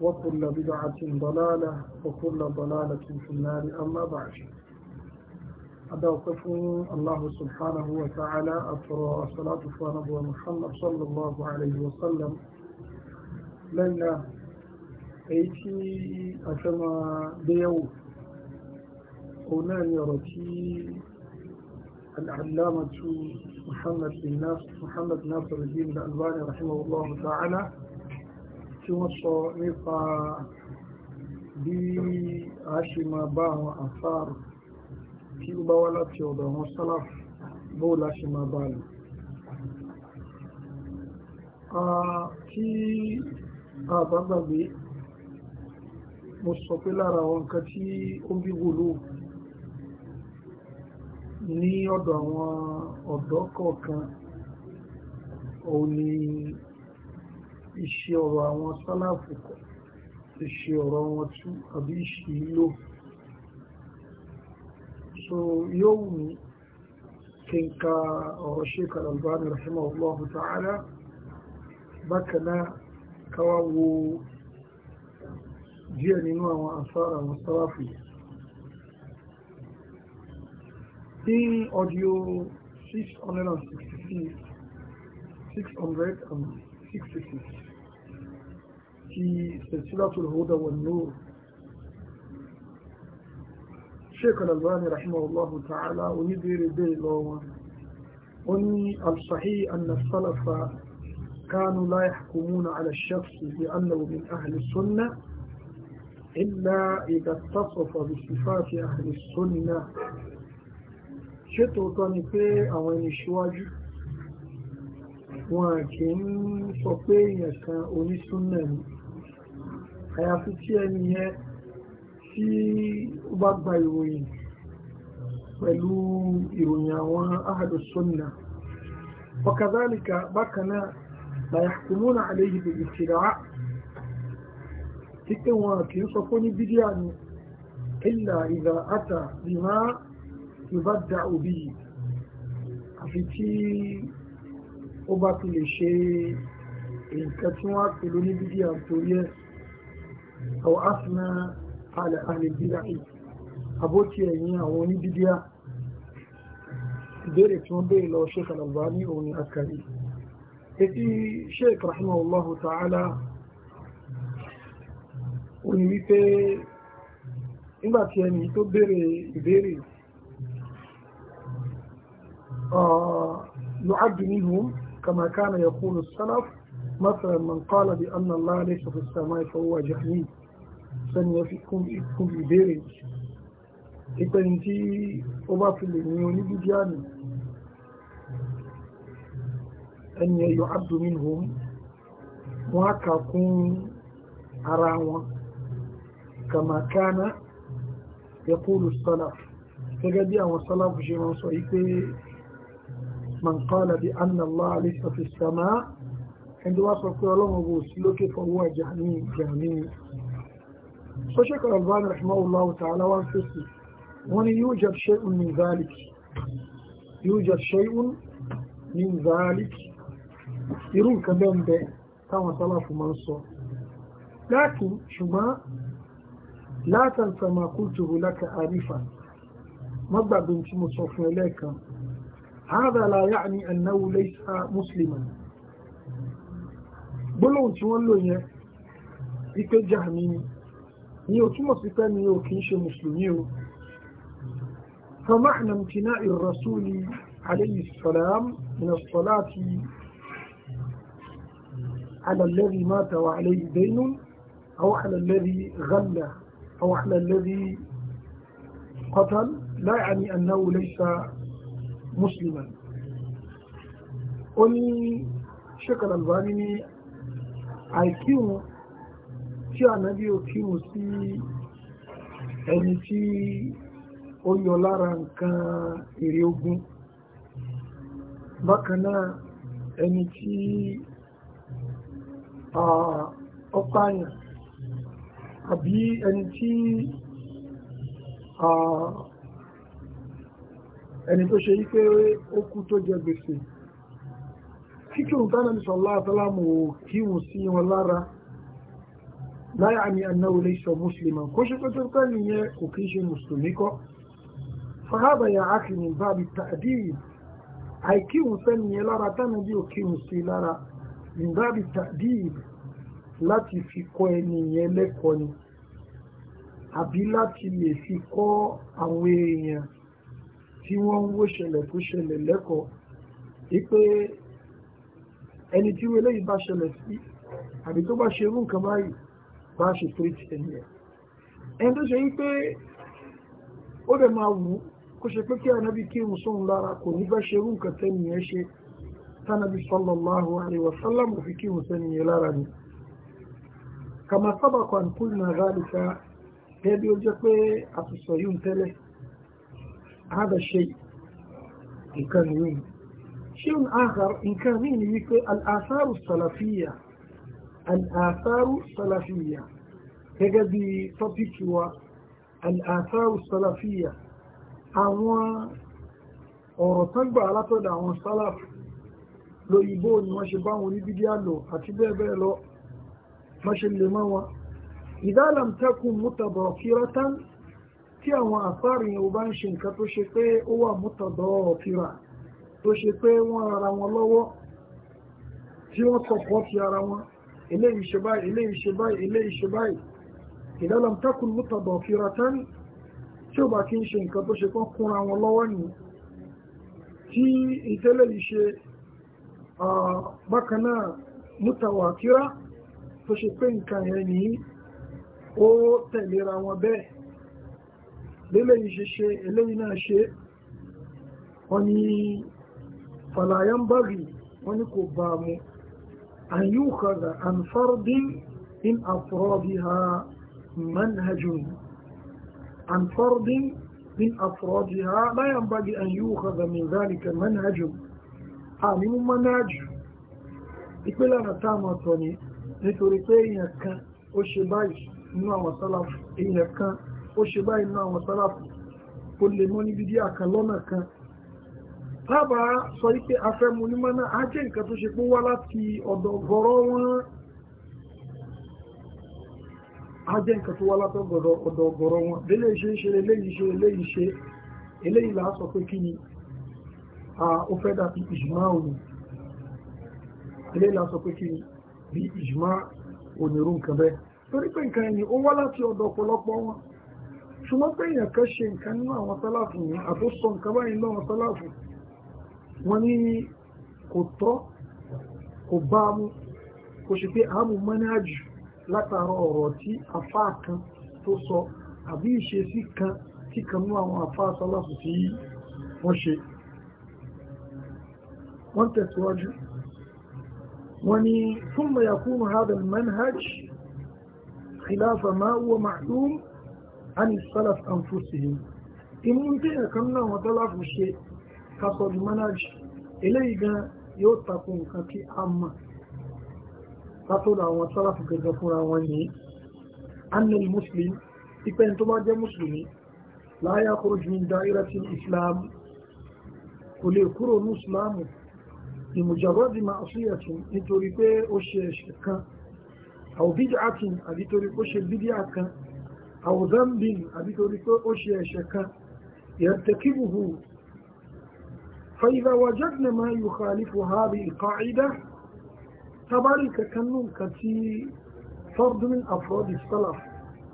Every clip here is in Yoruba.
وكل بدعة ضلالة وكل ضلالة في النار أما بعد أدوقف الله سبحانه وتعالى أطرى الصلاة فنبوة محمد صلى الله عليه وسلم لنا أيتي أتما ديو هنا يرتي العلامة محمد بن ناصر محمد ناصر الدين الألباني رحمه الله تعالى tí wọ́n sọ nípa bí a ṣe máa bá àwọn àfáàrù tí ó bá wá láti ọ̀dọ̀ àwọn sálàfù bóò la máa bá lò tí a bá gbàgbé mo sọ pé lára àwọn nǹkan tí ó ń bí wòlò ní ọ̀dọ̀ àwọn ọ̀dọ́ kọ̀ọ̀kan òun ni ìṣe ọ̀rọ̀ àwọn sálàfù kọ̀ ìṣe ọ̀rọ̀ wọn tú àbí ìṣe ìlò so yóò wù mí kí n ka ọ̀rọ̀ Sheikh Al-Albani rahimahullahu ta'ala bákan náà káwá wo díẹ̀ nínú àwọn àsára àwọn sálàfù yìí ní ọdíò 666 666 في سلسلة الهدى والنور شيخ الألباني رحمه الله تعالى ويدير بي لو وني الصحيح أن السلف كانوا لا يحكمون على الشخص بأنه من أهل السنة إلا إذا اتصف بصفات أهل السنة شتو tọ́ في أواني àwọn ẹni صفية wọn kì àyàfi tí ẹni yẹn tí ó bá gba ìròyìn pẹ̀lú ìròyìn àwọn ahadu sunna wakadhalika bákanáà la yahkumuna alayhi bil ibtidaa tí pé wọn kì í sọ fún ní bídíà ni illa idha ata bima yubadda'u bihi àfi tí ó bá ti lè ṣe nǹkan tí wọ́n á pè lóní bídíà torí ẹ̀ أو أثنى على أهل البدع أبوتي أيها أوني بديا بيري تنبي لو الشيخ الألباني أوني أكاري إتي شيخ رحمه الله تعالى أوني بيبي إنباتي أني تو بيري بيري آه نعد منهم كما كان يقول السلف مثلا من قال بأن الله ليس في السماء فهو جهني سنوى في كم إبيري إتنتي أبا في المليون بجان يعني. أن يعد منهم وكاكم أراوة كما كان يقول السلف فقدي أن السلف جمع صحيح من قال بأن الله ليس في السماء ẹni wá sọ pé ọlọ́run wo sí lókè fọwọ́ ẹ̀jà ní ìjàmí ó ṣèkọ̀ albani rahimahullahu ta'ala wá ń fèsì wọ́n ní yujad shay'un min zalik yujad shay'un min zalik irú nǹkan bẹ́ẹ̀ bẹ́ẹ̀ táwọn sálàfù máa ń sọ láti ṣùgbọ́n látàntà máa kú jùrù láka àrífà mọ́gbàgbé tí mo sọ fún ẹlẹ́ẹ̀kan هذا لا يعني أنه ليس مسلما gbólóhùn tí wọ́n lò yẹn wípé jahmi ni ni o túmọ̀ فمعنى امتناع الرسول عليه السلام من الصلاة على الذي مات وعليه دين أو على الذي غلى أو على الذي قتل لا يعني أنه ليس مسلما أني شكل الباني àìkíhun tí ànábí ò kíhun sí ẹni tí ó yọ lára nǹkan ogun bákan náà ẹni tí ọpáyàn àbí ẹni tí ẹni tó ṣe yí pé ó kú tó kíkìrù tánà ní sọ̀lá àtàlámù kíwù sí wọn lára láyé àmì annáwó lè sọ mùsùlùmí kó ṣe tó tó nìyẹn kò kí ṣe mùsùlùmí kọ́ fahaba ya ákì ní bábi tàdíì àìkíwù sẹ́niyẹn lára tánà bí ò kíwù sí lára ní bábi tàdíì láti fi kọ́ ẹniyẹn lẹ́kọ̀ọ́ ni àbí láti lè fi kọ́ àwọn èèyàn tí wọ́n ń wó ṣẹlẹ̀ tó ṣẹlẹ̀ lẹ́kọ̀ọ́ wípé ẹni tí wọ́n eléyìí bá ṣẹlẹ̀ sí àbí tó bá ṣe irú nǹkan báyìí bá ṣe tírítì ẹni ẹ̀ ẹni tó ṣe yí pé ó dẹ̀ máa wù ú kó ṣe pé kí ànábì kírun sóhun lára kò ní fẹ́ ṣe irú nǹkan tẹ́ni ẹ̀ ṣe tánàbí sallallahu alaihi wa sallam fi kírun sẹ́ni ẹ̀ lára ni kàmá sábàkọ̀ àǹkúlùmọ̀ àgáàlùkà gẹ́gẹ́ bí ó jẹ́ pé àtúnṣọ yìí ń tẹ́lẹ̀ هذا الشيء إن كان شيء آخر إن كان يقول الآثار السلفية الآثار السلفية كجدي تطيكوا الآثار السلفية أو أورطان على طول أو السلف لو يبون ما شبان ونبديالو أتبابي لو ما شلموا إذا لم تكن متضافرة تي أو آثار يوبان شنكتو شكي هو متضافرة tó ṣe pé wọ́n ara wọn lọ́wọ́ tí wọ́n sọ̀pọ̀ ti ara wọn eléyìí ṣe báyìí eléyìí ṣe báyìí eléyìí ṣe báyìí ìdálàm takùn mútàbọ̀ fira tán tí ó bá kí ń ṣe nǹkan tó ṣe pọ́n kúnra wọn lọ́wọ́ ni tí ìtẹ́lẹ̀ yìí bákan náà mútàwà kíra tó ṣe pé nǹkan yẹn ní ó tẹ̀lera wọn bẹ́ẹ̀ lélẹ́yìí ṣe ṣe eléyìí náà ṣe wọ́n ní fàlàyé ń bàgì wọ́n ní kò bá mu an yóò kàdà an fardin in afrodiha manhajun an fardin in afrodiha láyé ń bàgì an yóò kàdà min zalika manhajun a ní mú manhajù ìpínlẹ̀ náà tá a máa tọ̀ ni kan ó ṣe báyìí nínú àwọn sálàfù èèyàn kan ó ṣe báyìí nínú àwọn sálàfù ó lè mọ́ níbi díà kan kan tábà sọ wípé afẹ́mu ní mọ́nà á jẹ́ nǹkan tó ṣe pé wá láti ọ̀dọ̀ gọ́rọ́ wọn á jẹ́ nǹkan tó wá láti ọ̀dọ̀ gọ́rọ́ wọn délé ṣe ṣe eléyìí ṣe eléyìí ṣe eléyìí là á sọ pé kí ni ó fẹ́ dàbí ìjùmọ́ òní eléyìí là á sọ pé kí ni bí ìjùmọ́ onírú nǹkan bẹ́ẹ̀ torí pé nǹkan ẹni ó wá láti ọ̀dọ̀ ọ̀pọ̀lọpọ̀ wọn ṣùgbọ́n pé èèyàn kan ṣe nǹkan nínú àwọn sálàfù ní àbó nǹkan báyìí lọ́wọ́ sálàfù wọ́n ní kò tọ́ kò bá mú kò ṣe pé àmú mọ́nájù látara ọ̀rọ̀ tí afá kan tó sọ àbí ìṣesí kan tí kan mú àwọn afá sọ́lọ́pù tí wọ́n ṣe wọ́n tẹ̀síwájú wọ́n ní thumma yakunu hadha al-manhaj khilafa ma huwa ma'lum an as fún ṣe kásọ̀ di mọ́nájì eléyìí gan yóò tako nǹkan tí a mọ̀ látọ̀dọ̀ àwọn sálàfù gẹ́gẹ́ fúnra wọn ní annal muslim ipẹ́ tó bá jẹ́ mùsùlùmí láyá kúrò ju dáírẹ́tì islam kò lè kúrò ní islam ìmùjàrọ́dì máa ṣúyẹ̀tù nítorí pé ó ṣe ẹ̀ṣẹ̀ kan àwòbídì àtìn àbí torí pé ó ṣe bídí àkan àwòzambin àbí torí pé ó ṣe ẹ̀ṣẹ̀ kan ìrẹ̀tẹ̀kíbùhù فإذا وجدنا ما يخالف هذه القاعدة تبارك كنون كتي فرد من أفراد السلف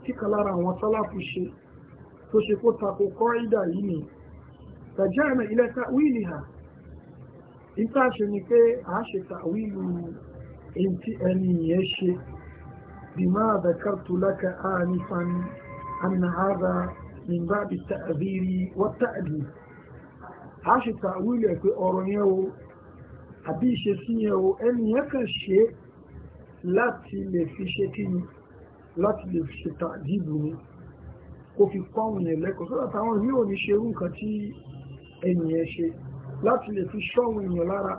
تكلارا وسلف الشيء تشكو تاكو قاعدة يمي فجعنا إلى تأويلها إنتا شنكي عاش تأويل انت أني يشي بما ذكرت لك آنفا أن هذا من باب التأذير والتأديب a ṣe tàwílì ẹ̀ pé ọ̀rọ̀ yẹn o àbí ìṣesí yẹn o ẹni yẹn kàn ṣe láti lè fi ṣe kí ni láti lè fi ṣe tàdíbù ni kó fi kọ́ àwọn yẹn lẹ́kọ̀ọ́ sọ́dọ̀ táwọn yìí ò ní ṣe irú nǹkan tí ẹni yẹn ṣe láti lè fi ṣọ́ àwọn èèyàn lára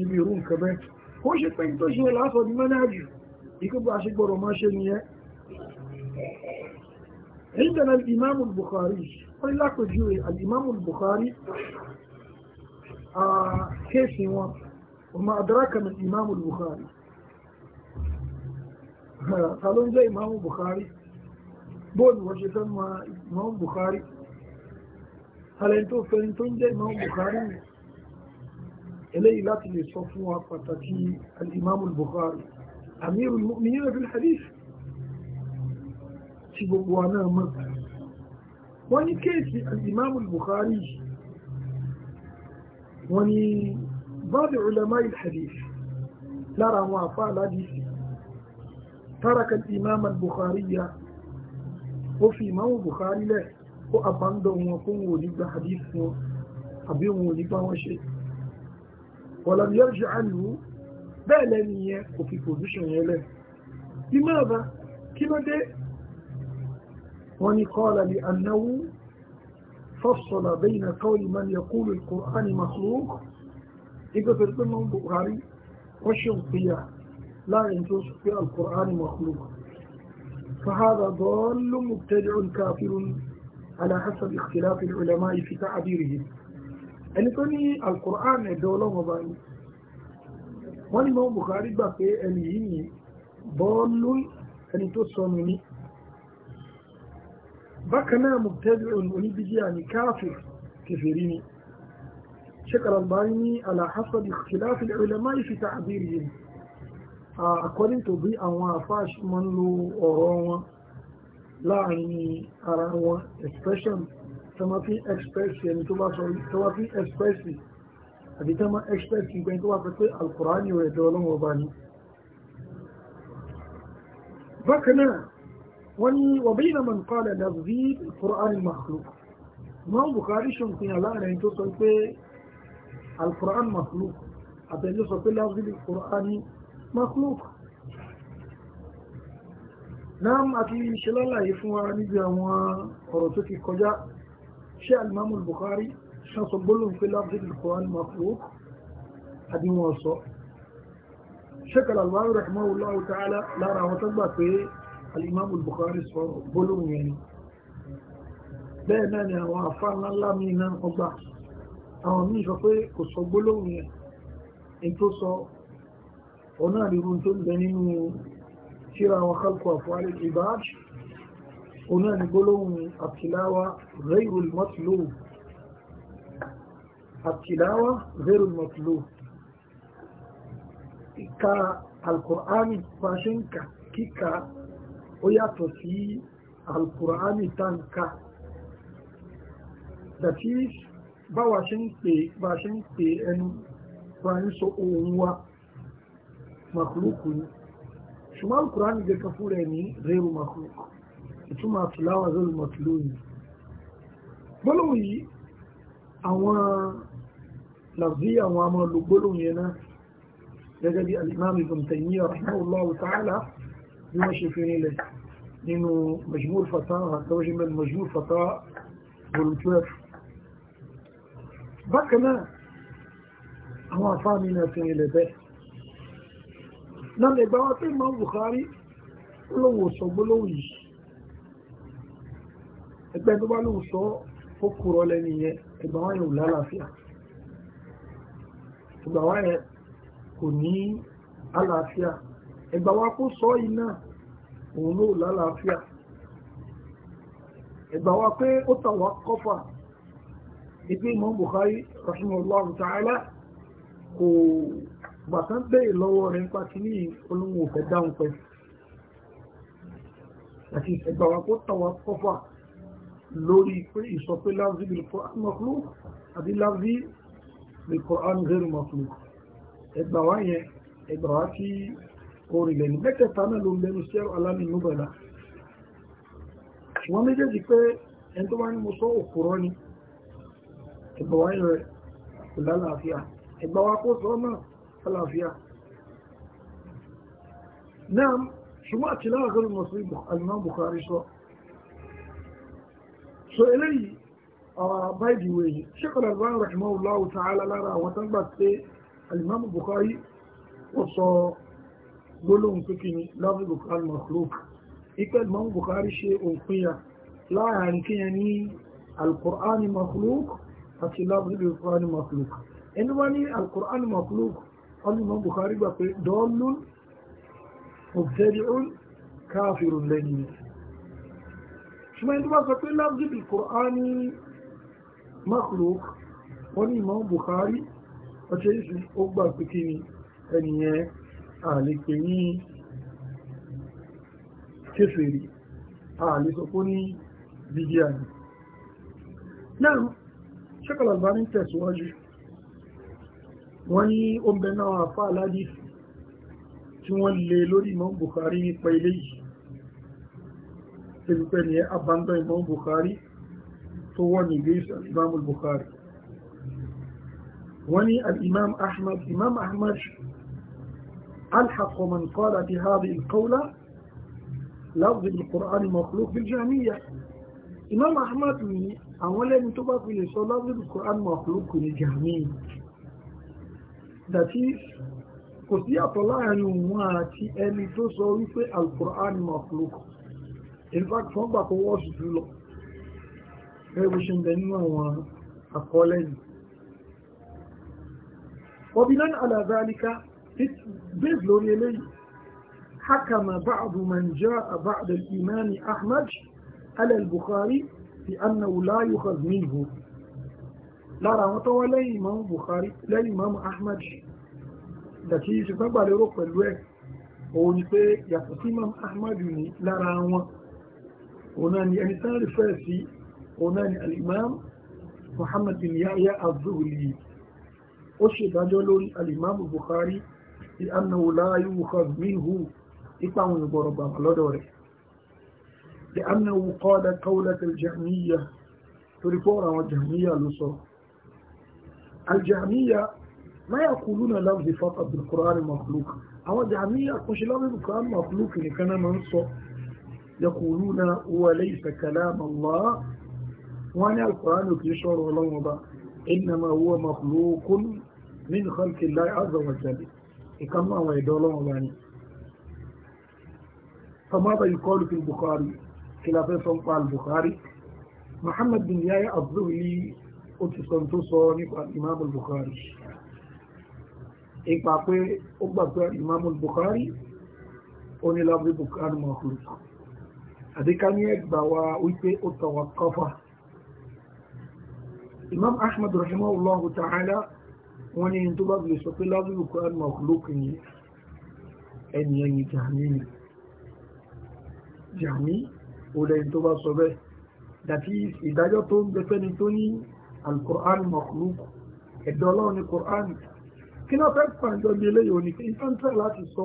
ibi irú nǹkan bẹ́ẹ̀ kó ṣe pé tó ṣe lásọ̀ ní ìkébù àṣegbọ̀rọ̀ máa ṣe nìyẹn عندنا الإمام البخاري قل لا تجوي الإمام البخاري كيف هو وما أدراك من الإمام البخاري قالوا زي إمام البخاري بون وجدان ما إمام البخاري هل أنتم فهمتم زي إمام البخاري إليه لا تلي صفوها فتكي الإمام البخاري أمير المؤمنين في الحديث tí gbogbo wa náà mọ̀ wọ́n ní kéèsì al-Imam al-Bukhari wọ́n ní ba'd ulama al-hadith lára àwọn àfá aládìsí taraka al-Imam al-Bukhari ya ó fi Imam Bukhari lẹ̀ ó àbándọ̀ wọn fún wọn nígbà hadith wọn àbí wọn nígbà wọn ṣe walam yarji' anhu bẹ́ẹ̀ lẹ́ni yẹn kò fi pòsíṣàn وني قال لأنه فصل بين قول من يقول القرآن مخلوق إذا ترتم البخاري والشنقية لا ينجوز في القرآن مخلوق فهذا ضال مبتدع كافر على حسب اختلاف العلماء في تعبيرهم ẹni tó ní alkùrán ẹ̀dọ́ ọlọ́wọ́ bá ní wọ́n ni mọ́ Bukhari gbà pé bákan náà mubtadi'un oníbídíà ní káfir kẹfẹ́rí ni Sheikh Al-Albani ní ala hasab ikhtilaf al-ulama fi ta'birihim according to bí àwọn àfáàṣì máa ń lo ọ̀rọ̀ wọn láàrin ara expression tọ́mọ́ fi express ẹni tó bá sọ tọ́mọ́ fi express àbí tọ́mọ́ express ìgbẹ́ tó wà pẹ́ pé alkùránì rẹ̀ dọ́ọ̀lọ́wọ́ bá ní bákan wani wa bayna man qala lafzi alquran makhluq imam bukhari shun kun ala ran tó sọ pé alquran makhluq abin ló sọ pé lafzi alquran makhluq nam àti shalala yi fún wa ni bi àwọn ọ̀rọ̀ tó ti kọjá ṣé imam bukhari shun sọ gbólóhùn pé lafzi alquran makhluq àbí wọ́n sọ ṣé kala allah rahmahu allah ta'ala lára àwọn tó alimami Bukhari sọ gbólóhùn yẹn ni bẹ́ẹ̀ náà ni àwọn afá ńláńlá mi náà ọgbà àwọn míì sọ pé kò sọ gbólóhùn yẹn èyí tó sọ ọ̀nà àríwú tó ń bẹ nínú tíra àwọn kálkù àfọwárí ibaj ọ̀nà ní gbólóhùn àtìláwà rẹ́ìrùl mọ́tìlò àtìláwà rẹ́ìrùl ìka alkùránì pàṣẹ ń kà kíkà ó yàtọ̀ sí alukur'ani tanka that is báwa ṣe ń pè bá ṣe ń pè ẹnu bá ń sọ ohun wa makuluku ni ṣùgbọ́n alukur'ani gẹ́gẹ́ fún rẹ̀ ní rẹ́rù makuluku ìtumọ̀ àtúláwà zọ́lù makuluku ni gbólóhùn yìí àwọn لفظيا وامر لقبلهم هنا لجد الإمام ابن تيمية رحمه الله تعالى بما شايفين إليه إنه مجمور فطاعة هتواجه من مجمور فطاعة بلوتواف بقى ما هو فامينا في إليه نعم إباواتي ما هو بخاري لو وصو بلو يش إباواتي ما هو وصو فكرو لنية إباواتي ولا لا فيها إباواتي كوني على فيها ẹgbà wa kó sọ yìí náà òun ló lálàáfíà ẹgbà wa pé ó tà wá kọfà ìpé Imam Bukhari rahimahullah ta'ala kò gbàtán bẹ́ẹ̀ lọ́wọ́ rẹ̀ nípa kí ní olóhùn òfẹ́ dáhùn pẹ́ àti ẹgbà kó tà kọfà lórí pé ìsọpé láàrín bil Qur'an makhluq àbí láàrín bil Qur'an orin lẹ́nu mẹ́tẹ̀ẹ̀ta náà ló ń lẹ́nu sí alámi nubala ṣùgbọ́n méjèèjì pé ẹni tó bá ní mo sọ òkúrọ́ ni ẹgbà wá rẹ̀ kò lálàáfíà ẹgbà wá kó sọ náà lálàáfíà náà ṣùgbọ́n àti láàrín mọ̀sí alimọ́ Bukhari sọ so eléyìí by the way Sheikh Al-Albani rahimahullahu ta'ala lára àwọn tó ń gbà pé alimọ́ Bukhari ó sọ gbólóhùn pé kí ni lafzi bukhari makhluk ipẹ́ ìmọ̀ bukhari ṣe òpinya láàrin kí yẹn ní alkur'ani makhluk àti lafzi bukhari makhluk ẹni wá ní alkur'ani makhluk ọlùmọ̀ bukhari gbà pé dọ́ọ̀lùn mubtadi'un káfírun lẹ́yìn ṣùgbọ́n ẹni tó bá sọ pé lafzi bukhari makhluk wọ́n ní ìmọ̀ bukhari ọ̀ṣẹ́ ìṣù ó gbà pé kí ni ẹnìyẹn àlèpè ní kéfèrè àlèsọ̀kó ní bídíà ní náà ṣẹ́kọ̀lá bá ní tẹ̀síwájú wọ́n ní ó bẹ náà àfá aládìí tí wọ́n lè lórí Imam Bukhari nípa ilé yìí tẹ́lúpẹ́ ni abandon Imam Bukhari tó wọ́n ní gbé ألحق من قال بهذه القولة لفظ القرآن مخلوق بالجهمية Imam Ahmad ní àwọn lẹ́ni tó bá fi lè sọ lọ́gbẹ̀dù Quran that is kò sí àtọ̀ láàrin òun àti ẹni tó sọ wípé al-Quran makhluk in fact fún gbà kó wọ́ọ̀sù jù lọ bẹ́ẹ̀ bó ṣe ń bẹ nínú àwọn àkọọ́lẹ̀ yìí wọ́n bí bẹ́ẹ̀ lórí eléyìí حكم بعض من جاء بعد الإمام أحمد على البخاري بأنه لا يؤخذ منه لا رمضة لا إمام بخاري لا إمام أحمد التي سبب لرق الوه ونفى يقص إمام أحمد لا رمضة وناني أنسان الفاسي وناني الإمام محمد بن يحيى الزهري أشهد أجل الإمام البخاري sí anáwòlá ayúwùkọ́ míhù ipa àwọn ìgbọ̀rọ̀ bàbá lọ́dọ̀ rẹ̀ lè anáwò kọ́dà kọ́wùlẹ̀tẹ̀ jàmíyà torí fọ́ọ̀rọ̀ àwọn jàmíyà ló sọ aljàmíyà máa yà kúlú náà láwùjẹ fọ́tà bìkúránì maklúk àwọn jàmíyà kò ṣe láwùjẹ bìkúránì maklúk nìkan náà máa ń sọ يقولون هو ليس كلام الله وانا القرآن يشعر الله إنما هو مخلوق من خلق الله عز وجل ìkànnú àwọn ẹ̀dọ́ ọlọ́run bá ní فماذا يقال في البخاري خلافة صنفة البخاري محمد بن يايا الظهري أتسنتو صانف الإمام البخاري إيقا قوي أبقى الإمام البخاري أني لابد بكان مخلوق هذه كان يكبوا ويبي أتوقفه إمام أحمد رحمه الله تعالى wọ́n ní tó bá bèèrè sọ pé lábúrú kọ́rán mọ̀kúlókù ní ẹni ẹni jàmí ni jàmí ó lẹ́yìn tó bá sọ bẹ́ẹ̀ dàtí ìdájọ́ tó ń bẹ́fẹ́ ni tó ní alkùrán mọ̀kúlókù ẹ̀dọ́ ọlọ́run ní kùrán kí náà fẹ́ pàǹjọ́ bí eléyìí òní pé ìfẹ́ntẹ́ láti sọ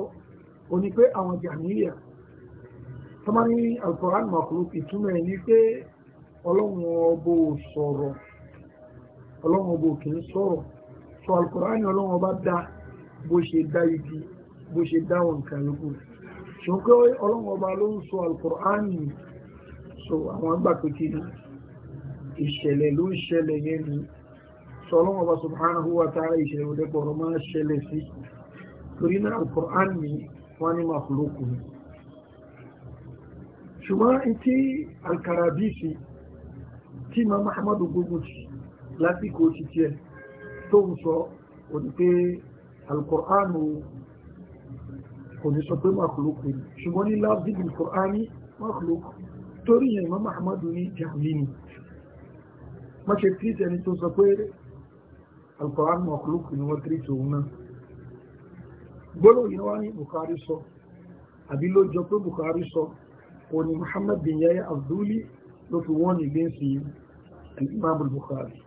òní pé àwọn jàmíyà tó máa ní alkùrán mọ̀kúlókù ìtumọ̀ ẹ̀ ní pé ọlọ́run ọbọ̀ sọ̀rọ̀ ọlọ́run ọbọ̀ kì í sọ̀rọ̀ sọ alukur'ani ọlọ́run ọba dá bó ṣe dá igi bó ṣe dá wọn kan lóko ṣùgbọ́n pé ọlọ́run ọba ló ń sọ alukur'ani so àwọn àgbà pé kí ni ìṣẹ̀lẹ̀ ló ń ṣẹlẹ̀ yẹn ni sọ ọlọ́run ọba subhanahu wa ta'ala ìṣẹ̀lẹ̀ náà alukur'ani tí ma mahamadu gbogbo ti lásìkò títí ẹ̀ tó ń sọ ò ní pé alkùránù kò ní sọ pé makhluk ni ṣùgbọ́n ní lábíbí alkùránì makhluk torí yẹn Imam Ahmad ní jàmí ni má ṣe tíìtì ẹni tó sọ pé alkùránù makhluk ni wọ́n tíìtì òun náà gbọ́dọ̀ yìí wá ní Bukhari sọ àbí ló pé Bukhari sọ òní Muhammad bin Yahya ló fi wọ́n ní gbé sí Imam Bukhari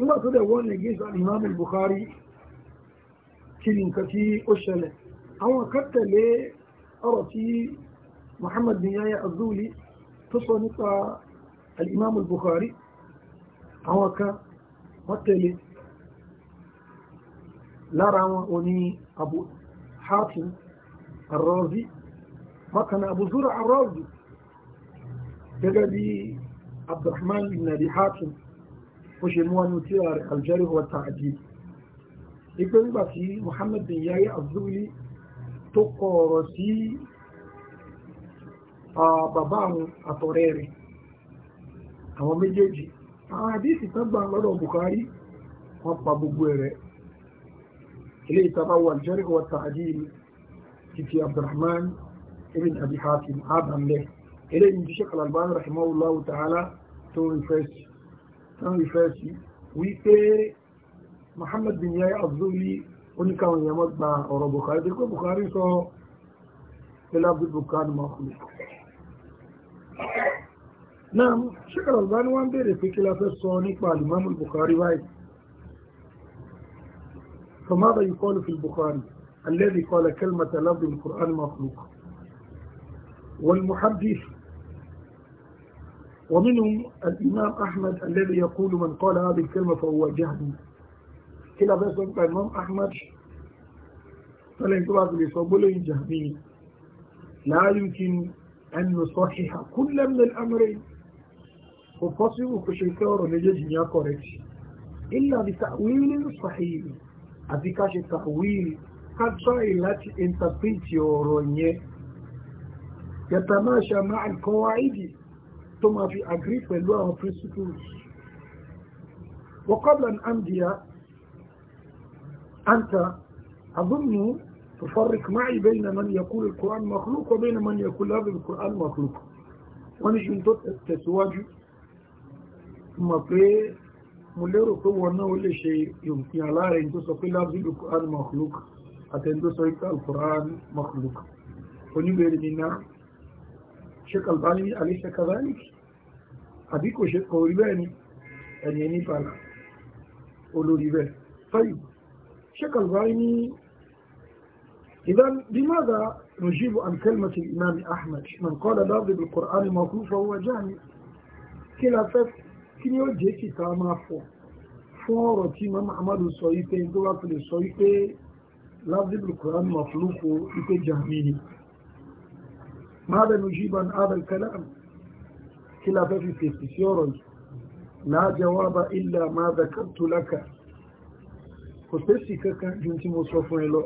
nígbà tó dẹ̀ wọ́n against an imam al-bukhari kí ni nǹkan tí ó ṣẹlẹ̀ àwọn kan tẹ̀lé ọ̀rọ̀ tí muhammad bin yahya az-zuli tó sọ nípa al-imam al-bukhari àwọn kan wọ́n tẹ̀lé lára wọn ò ní abu hatim ar-razi bákan abu zura ar-razi gẹ́gẹ́ bí abdulrahman bin abi hatim bó ṣe mú wánú tí al-Jarh wa Ta'dil ipe nígbà tí Muhammad bin Yahya az-Zuhli tó kọ ọ̀rọ̀ sí bàbá àwọn àtọ̀rẹ́ rẹ̀ àwọn méjèèjì àwọn àdísì tán gbà lọ́dọ̀ Bukhari wọ́n pa gbogbo ẹ̀rẹ́ ilé ìtaba wà al-Jarh wa Ta'dil títí Abdurrahman ibn Abi Hatim adam ilé ìjíṣẹ́ kalalbán rahimahullahu ta'ala tó ń fẹ́ sí tán rí fẹ́ sí wípé Muhammad bin Yahya Abdul oníkàwọn èèyàn mọ́ gba ọ̀rọ̀ Bukhari pé Bukhari sọ ilabdi Bukhari makhluk náà Sheikh Al-Albani wá ń bèèrè pé kí la fẹ́ sọ nípa al-Imam Bukhari báyìí فماذا يقال في البخاري الذي قال كلمة لفظ القرآن مخلوق والمحدث ومنهم الإمام أحمد الذي يقول من قال هذه الكلمة فهو جهل كلا بس الإمام أحمد فلا يتبعك لصبوله لا يمكن أن نصحح كل من الأمرين وفصل كشيكار نجد يا كوريكس إلا بتأويل صحيح أذكاش التأويل قد صائلات انتبيت يورونيه يتماشى مع القواعد tó máa fi agree pẹ̀lú àwọn principles وقبل أن أمضي أنت أظن تفرق معي بين من يقول القرآن مخلوق وبين من يقول هذا القرآن مخلوق ونجي نتوت التسواج ثم في مليرو تو ونو اللي شيء يمكن على أن تصف لفظ القرآن مخلوق حتى أن تصف القرآن مخلوق ونبير منا الشيخ الباني أليس كذلك أبيكو وشيخ قولباني أن قولوا لي قولباني طيب الشيخ الباني إذا لماذا نجيب عن كلمة الإمام أحمد من قال لا بالقرآن موقوف فهو جاني كلا فس كن يوجه كتاما فو فورو تي مام عمد سويته دوات لسويته لا بالقرآن مخلوق إتجاهميني ماذا نجيب عن هذا الكلام كلا في تسيوري لا جواب إلا ما ذكرت لك خصيصك جنت مصرف له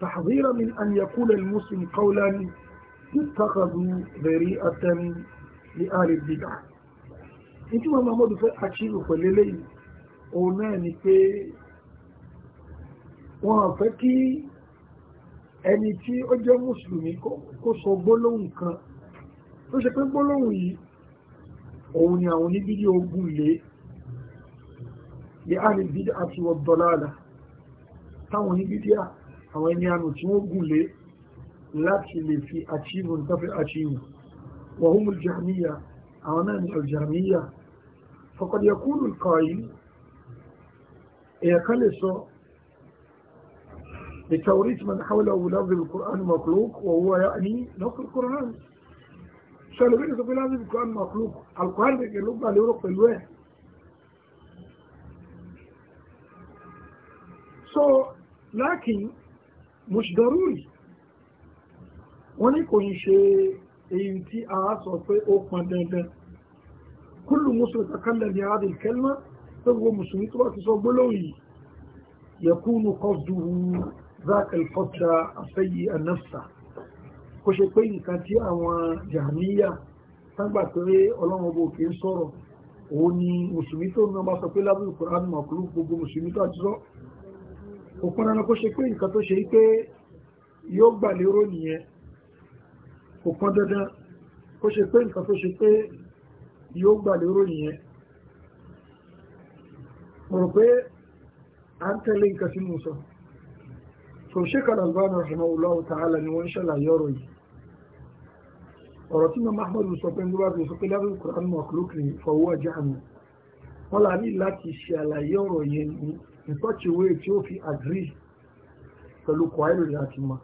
تحذيرا من أن يقول المسلم قولا يتخذ بريئة لآل البدع إنتما ما محمد في أكشيب فللي أوناني في وافكي ẹni tí ó jẹ́ mùsùlùmí kó sọ gbólóhùn kan tó ṣe pé gbólóhùn yìí òun ni àwọn oníbídí ogun lè lè àrí bídí àti ọ̀dọ́láàlà táwọn oníbídí àwọn ẹni ànù tí wọ́n gùn lè láti lè fi àchíìmù nítafẹ́ àchíìmù wọ̀húnmù jàmíyà àwọn náà ni aljàmíyà fọkàdíyà kúrò kọ̀ọ̀yí èèyàn kan lè sọ لتوريث من حول أولاد القرآن مخلوق وهو يعني نقل القرآن شالو بيني سبيل هذا القرآن مخلوق القرآن بيجي لبا ليورق الوه so, لكن مش ضروري وانا يكون شيء ايوتي اعاص وفي اوك كل مسلم تكلم بهذه الكلمة فهو مسلم يتبع تصبلوي يكون قصده ذاك الفضل السيء النفس kò ṣe pé nǹkan tí àwọn jàmíyà tágbà pé ọlọ́run ọbọ̀ kìí sọ̀rọ̀ òun ni mùsùlùmí tó náà bá sọ pé lábúrú Qur'an mọ̀kúrú gbogbo mùsùlùmí tó àti sọ òpin dandan kó ṣe pé nǹkan tó ṣe pé yóò gbà lérò nìyẹn òpin dandan kó ṣe pé nǹkan tó ṣe pé yóò gbà lérò nìyẹn mo pé à ń tẹ̀lé nǹkan tí mo so sheik al-albani rahimahullahu ta'ala ni wọ́n ṣàlàyé ọ̀rọ̀ yìí ọ̀rọ̀ tí mama ahmed sọ pé nígbà tó sọ pé lábẹ́ quran makluk ni fọwọ́ ajá àmì wọ́n la ní láti ṣe àlàyé ọ̀rọ̀ yẹn ní ìtọ́chiwé tí ó fi agree pẹ̀lú kwailo láti mọ́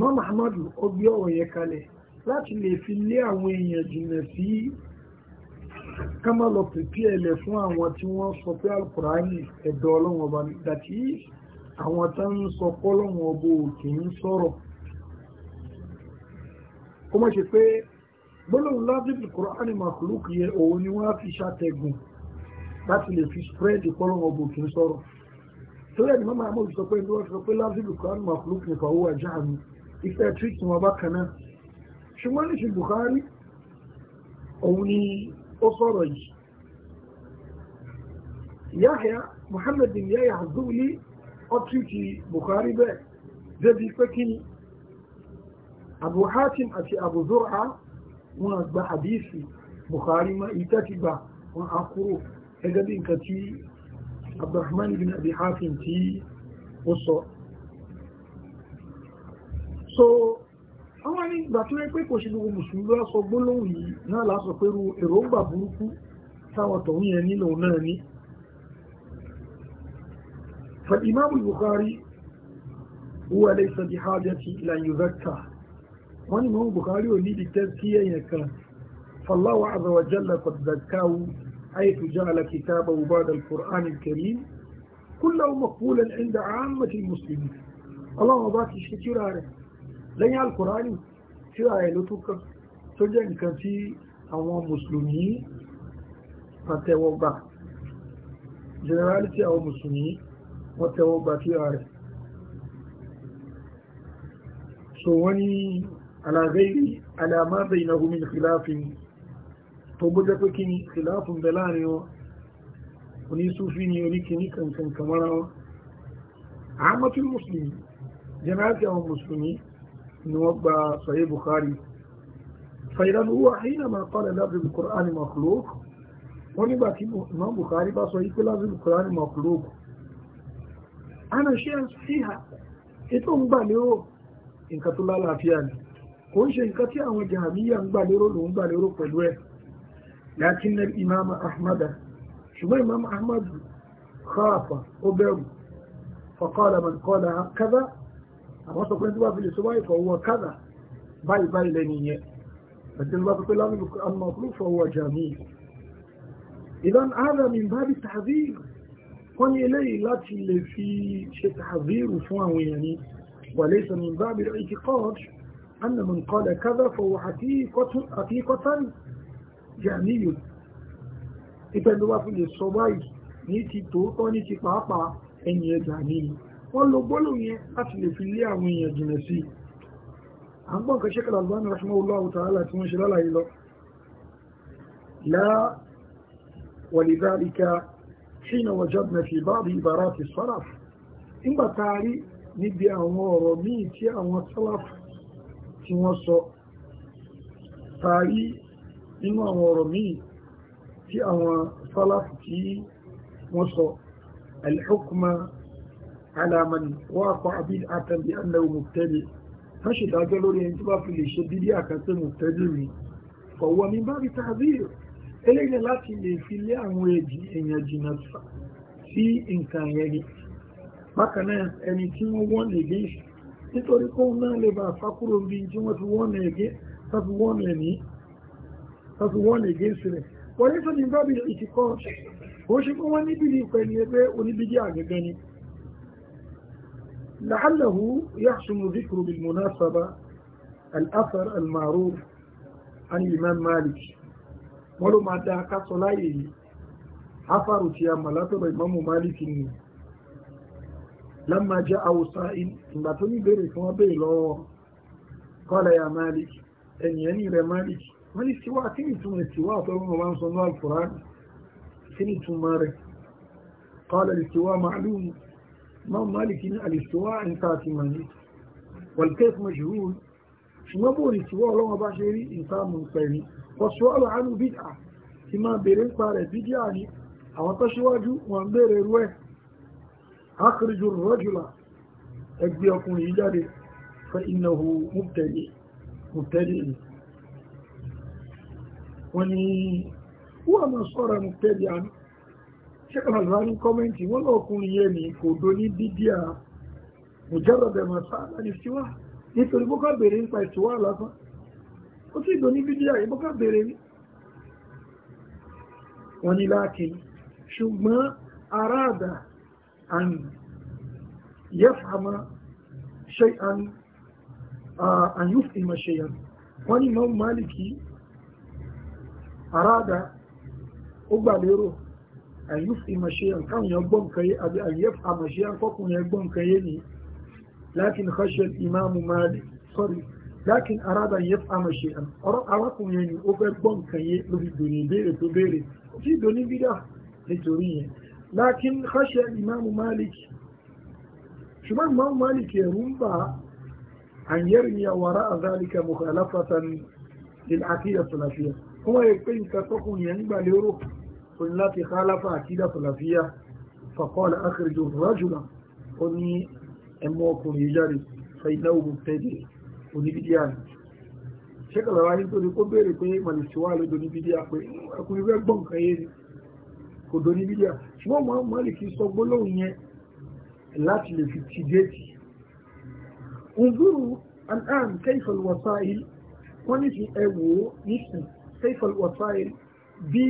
mama ahmed ó gbé ọ̀rọ̀ yẹn kalẹ̀ láti lè fi lé àwọn èèyàn jìnnà sí ká má lọ pèpè ẹ̀lẹ̀ fún àwọn tí wọ́n sọ pé alukurani ẹ̀dọ̀ ọlọ́wọ́n ọba nígbà tí àwọn tá ń sọ pọ́lọ́wọ́n ọba òkè ń sọ̀rọ̀ kó má ṣe pé gbólóhùn lábíbí kùránì màkùlùkù yẹ òun ni wọ́n á fi ṣàtẹ̀gùn láti lè fi spread pọ́lọ́wọ́n ọba òkè ń sọ̀rọ̀ torí ẹni mọ́mọ́ àmọ́ òṣìṣọ́ pé ìdúró sọ pé lábíbí kùránì màkùlùkù nìkan owó ẹja àmì ìfẹ́ tíríkì wọn bákan náà ṣùgbọ́n ní ṣe Bukhari òun ni ó sọ̀rọ̀ yìí Yahya Muhammad bin Yahya Zuhli ọtútù Bukhari bẹ́ẹ̀ débi pé kí ni Abu Hatim àti Abu Zur'a wọn gba hadisi Bukhari ma ìta ti gba wọn á kúrò gẹ́gẹ́ bí nǹkan tí Abdurrahman bin Abi tí ó sọ so àwọn ní ìgbà tó yẹ pé kò ṣe gbogbo mùsùlùmí ló sọ gbólóhùn yìí náà lásọ pé ru èròǹgbà burúkú táwọn tọ̀hún yẹn nílò náà ní. fàdìmáàmù Bukhari huwa laysa bi hajati la yuzakka wọ́n ní mọ́mú Bukhari ò ní di tẹ́sí ẹ̀yẹ kan fallahu azza wa jalla qad zakkahu haythu ja'ala kitabahu ba'da al-Qur'an al-Karim kullahu maqbulan 'inda 'ammati al-muslimin ọlọ́run ọba ti ṣe kíra rẹ̀ lẹ́yìn alkùránì tí a ẹ̀ ló tó kàn tó jẹ́ nǹkan tí àwọn mùsùlùmí pàtẹ́wọ́gbà generally tí àwọn mùsùlùmí wọ́n tẹ́wọ́gbà tí a rẹ̀ so wọ́n ní aláàrẹ́rí aláàmábẹ̀ ìnáwó min khilafin tó gbọ́jẹ́ pé kí ni khilafin bẹ̀ láàrin wọn onísúfí ni oníkìní kankan kamara wọn àmọ́tún mùsùlùmí generally àwọn mùsùlùmí ni wọ́n gba sọ̀yẹ́ Bukhari fàyílánú wà hìnà máa kọ́lẹ̀ lábìlì Kùránì makhluk wọ́n nígbà tí Imam Bukhari bá sọ yípe lábìlì Kùránì makhluk ana ṣe ń síhà ètò ń gbà lérò nǹkan tó lálàáfíà ni kò ń ṣe nǹkan tí àwọn jahamiya ń gbà lérò ló ń gbà lérò pẹ̀lú ẹ̀ lakin Imam Ahmad ṣùgbọ́n Imam Ahmad khafa ó bẹ̀rù faqala man qala hakadha àwọn sọ pé tí wọ́n fi lè sọ báyìí fọ owó kádà báyìí báyìí lẹ́nu yẹn àti lọ́wọ́ pípẹ́ lábìlú àmọ́ fún fọwọ́ ọjà mi ìdán ààrẹ mi bá bí tàbíìrù wọ́n ní eléyìí láti lè fún أن من قال كذا فهو حقيقة جاني ìpẹ́ndọ́wà fi lè sọ báyìí ní ti tòótọ́ ní ti pàápàá ẹni ẹjà ní wọ́n lo gbólóhùn yẹn láti lè fi lé àwọn èèyàn jìnà sí à ń gbọ́n kan Sheikh Al-Albani rahimahullahu ta'ala tí wọ́n ṣe lálàyé lọ láà ولذلك حين وجدنا في بعض عبارات السلف nígbà tá a rí níbi àwọn ọ̀rọ̀ míì tí àwọn sálàf tí wọ́n sọ tá a rí nínú àwọn ọ̀rọ̀ míì tí àwọn sálàf tí wọ́n sọ al-hukma على من وقع بدعة بأنه مبتدئ فشد قالوا لي أنت في الشديد أكثر مبتدئ فهو من باب تعذير إلينا لكن لي في اللي أنواجي أن يجي في إنسان يجي bákan náà ẹni tí wọ́n wọ́n ègé nítorí kó náà lè bá fákúrò bí tí wọ́n fi wọ́n ègé tàbí wọ́n ẹ̀ní tàbí wọ́n ègé sílẹ̀ wọ́n ní sọ́dí bábí ìtìkọ́ ó ṣe kó wọ́n níbi ní pẹ̀lú ẹgbẹ́ oníbídí àgẹ́gẹ́ ni لعله يحسن ذكر بالمناسبة الأثر المعروف عن الإمام مالك ولو ما دعك صلاحي حفر في لطب الإمام مالك لما جاء سائل باتني بيري كما قال يا مالك أن ينير مالك كم يتم الاستواء طبعا ما نصنع القرآن كنتم مالك قال الاستواء معلوم imam malik ní al-istiwa nǹkan àti mani wal-kayf majhul ṣùgbọ́n bó ní tiwọ́ ọlọ́wọ́ bá ṣe rí nǹkan mú pẹ̀lú wasu'alu anhu bid'a ti máa bèèrè nípa rẹ̀ bídíà ni àwọn tó ṣíwájú wọn bèèrè rú ẹ̀ akhriju ar ẹgbẹ́ ọkùnrin yìí jáde fa innahu mubtadi' mubtadi' ni wọ́n ni wọ́n mọ̀ sọ́ra mubtadi' àná ṣẹ́kọ̀ọ́ àlùbárí kọ́mẹ́ǹtì wọn náà kún iye ní kò dó ní dídí à mùjẹ́rọ̀dẹ̀ màsá àdáni síwá nítorí bó ká bèrè nípa ìtìwá lásán ó sì dó ní dídí à ìbó ká bèrè ní. wọ́n ní láàkì ṣùgbọ́n aráàdà àyùfì màṣíyàn káwọn yẹn gbọ́ nǹkan yé àbí àyẹ̀f àmàṣíyàn kọkùnrin yẹn gbọ́ nǹkan yé ni lákin khashiyal ìmáàmù Malik sọ́rí lákin aráda yẹn àmàṣíyàn ọ̀rọ̀ arákùnrin yẹn ni ó fẹ́ gbọ́ nǹkan yé lórí dòní béèrè tó béèrè ó sì dòní bídà nítorí yẹn lákin khashiyal ìmáàmù Malik ṣùgbọ́n ìmáàmù Malik ẹ̀rù ń bà àyẹ̀rì ni àwàrà àzálìkà mukhalafatan lil aqida salafiyya wọ́n yẹ التي خالف عقيدة سلفية فقال أخرج الرجل أني أموكم يجاري فإنه مبتدئ أني بديان شكرا رأيك يقول قد بيري كي من السوال دوني بديا أكوني بيك بان كيري كدوني بديا شما ما مالك يصبو لوني لات لفتجيتي انظروا الآن كيف الوسائل ونسي أبو نسي كيف الوسائل bí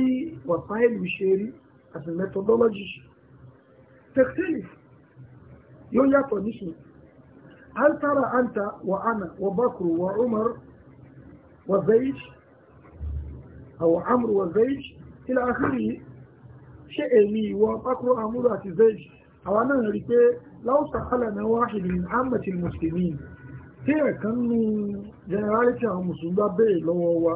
wàsáìlù ṣe rí àti methodology ṣe textiles yóò yàtọ̀ níṣù antara anta wa ana wa bakru wa umar wa zaij àwọn amru wa zaij ila akhiri ṣe èmi ìwọ bakru amru àti zaij àwọn náà rí pé láwùsà alànà wáhìlì àmàtì mùsùlùmí tí ẹ̀kan nù generality àwọn mùsùlùmí bá bèèrè lọ́wọ́ wa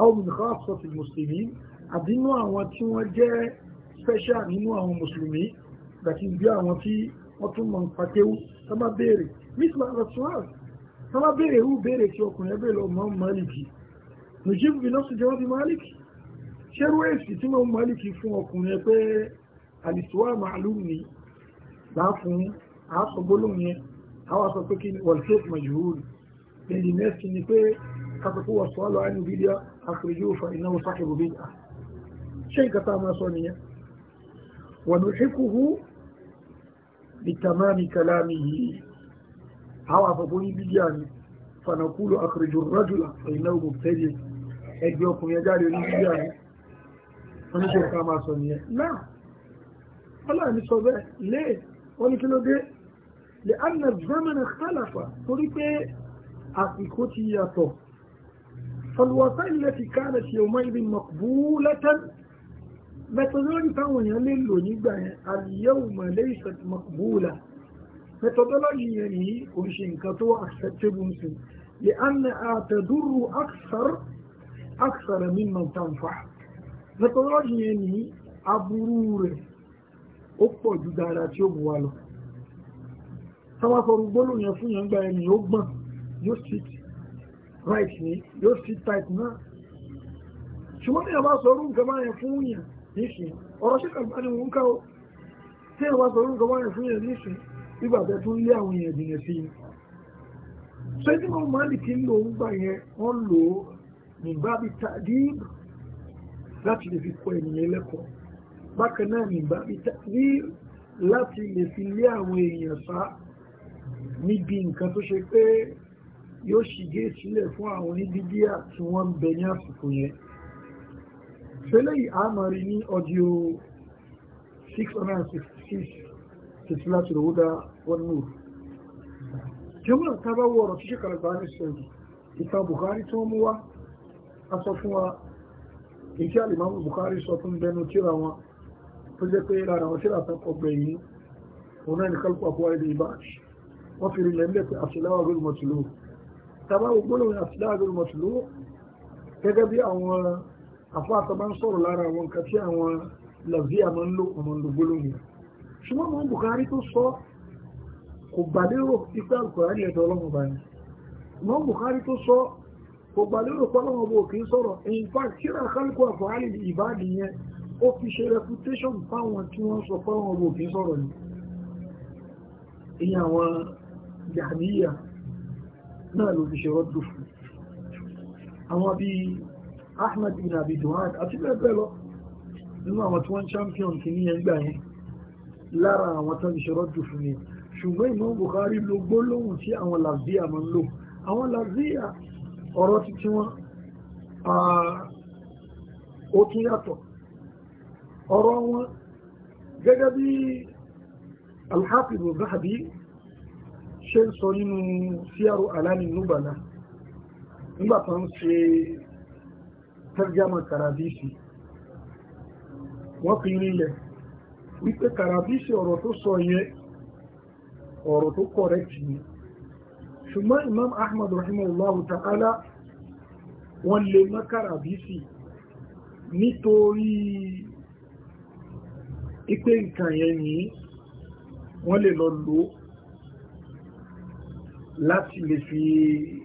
أو من خاصة المسلمين àbínú àwọn tí wọ́n jẹ́ special nínú àwọn mùsùlùmí gàtí bí àwọn tí wọ́n tún mọ̀ ń pàtẹ́wù sábà béèrè mísìlá alasuwal sábà béèrè irú béèrè tí ọkùnrin ẹgbẹ́ lọ mọ́ mọ́lìkì nùjíbù bí lọ́sùn jẹ́ wọ́n fi mọ́lìkì ṣẹ́rú èsì tí mọ́ mọ́lìkì fún ọkùnrin pé alisuwa màálùm ni bá fún kàtàkùn wà sọ́lọ́ àánú bídíà àkùrìjú fa iná wọ́n sáàkìrù bídíà ṣe ìkàtà máa sọ nìyẹn wà ní ṣíkùhù bitamami kalami yìí àwọn àfẹ́kọ́ ní bídíà ni fanakulu àkùrìjú rájùlá fa iná wọ́n tẹ́lẹ̀ ẹgbẹ́ ọkùnrin ajáde ní ni wọ́n ní ṣe ìkàtà máa sọ nìyẹn náà ọlá ní sọ bẹ́ẹ̀ lé wọ́n anna zamana khalafa torí pé àsìkò ti فالوسائل التي كانت يومئذ مقبولة methodology táwọn èèyàn lè lò nígbà yẹn al-yawma laysat maqbula methodology yẹn ni kò ṣe nǹkan tó acceptable sí lè anna àtẹ̀dúró aksar aksar mimman tanfa methodology yẹn ni aburú rẹ̀ ó pọ̀ ju dáadáa tí ó bu wa lọ. sáwọn afọrúgbólóyìn fún yẹn gbà yẹn ni ó gbọ̀n yóò sì t right ni yóò sí type náà ṣùgbọ́n ní àbá sọ orú nǹkan báyẹn fún yàn níṣìn ọ̀rọ̀ ṣe kàbá ni wọ́n káwọ́ tí àbá sọ orú nǹkan báyẹn fún yàn níṣìn nígbà tẹ́ tún lé àwọn èèyàn jìnà sí i ṣé tí wọ́n máa lè kí ń lò ń gbà yẹn wọ́n lò ó nígbà bí tadib láti lè fi kọ ènìyàn lẹ́kọ̀ọ́ bákan náà nígbà bí tadib láti lè fi lé àwọn èèyàn sá níbi nǹkan tó ṣe pé yóò ṣì gé sílẹ̀ fún àwọn oníbíbíà tí wọ́n ń bẹ ní àsìkò yẹn fẹ́lẹ́ yìí a máa rí ní ọdíò 666 títí láti rò wúdá wọn nù jẹ́mọ́ tábà wọ ọ̀rọ̀ tí ṣe kàrà báyìí sọ̀rọ̀ ìta Bukhari tí wọ́n mú wá a sọ fún wa ìkí àlìmámù Bukhari sọ fún bẹnu tíra wọn tó jẹ́ pé lára wọn tíra tán kọgbẹ̀ yìí òun náà ní kálùkù àpò àìlè ìbáṣ wọ́n fi rí lẹ́ńdẹ̀ pé àṣìláwà rẹ̀ mọ̀tìlóòrù tàbá ògbólò àfìdáàdùn mọ̀tìlú gẹ́gẹ́ bí àwọn afáàtọ̀bá ń sọ̀rọ̀ lára àwọn nǹkan tí àwọn làvíà máa ń lò ọmọ ìlúgbólò yẹn ṣùgbọ́n mọ́ Bukhari tó sọ kò gbàlérò ipá Al-Qur'ani ẹ̀dọ̀ ọlọ́mọ bá ní mọ́ Bukhari tó sọ kò gbàlérò pọ́lọ́mọ bò kì í sọ̀rọ̀ in fact kíra kálukú àfọ̀hálì ìbáàdì yẹn ó fi ṣe reputation fáwọn tí wọ́n sọ pọ́lọ́mọ bò kì í sọ̀rọ̀ ni ìyẹn yàmíyà náà ló fi ṣe rọ́dù fún àwọn bí Ahmad bin Abi Duhad àti bẹ́ẹ̀ bẹ́ẹ̀ lọ nínú àwọn tí wọ́n champion kì ní yẹn gbà yẹn lára àwọn tó fi ṣe rọ́dù fún ni ṣùgbọ́n Imam Bukhari ló gbólóhùn tí àwọn làzíà máa ń lò àwọn làzíà ọ̀rọ̀ títí wọn ó tún yàtọ̀ ọ̀rọ̀ wọn gẹ́gẹ́ bí Al-Hafiz Zahabi ṣe ń sọ nínú síyàrò aláàmì núbàlá nígbà tó ń ṣe tẹ́rjámà kàràbíṣì wọ́n fi rílẹ̀ wípé kàràbíṣì ọ̀rọ̀ tó sọ yẹ ọ̀rọ̀ tó kọ̀rẹ́kì ni ṣùgbọ́n imam ahmad rahimahullahu ta'ala wọ́n lè mọ́ kàràbíṣì nítorí ipé nǹkan yẹn ni wọ́n lè lọ lòó là, si je suis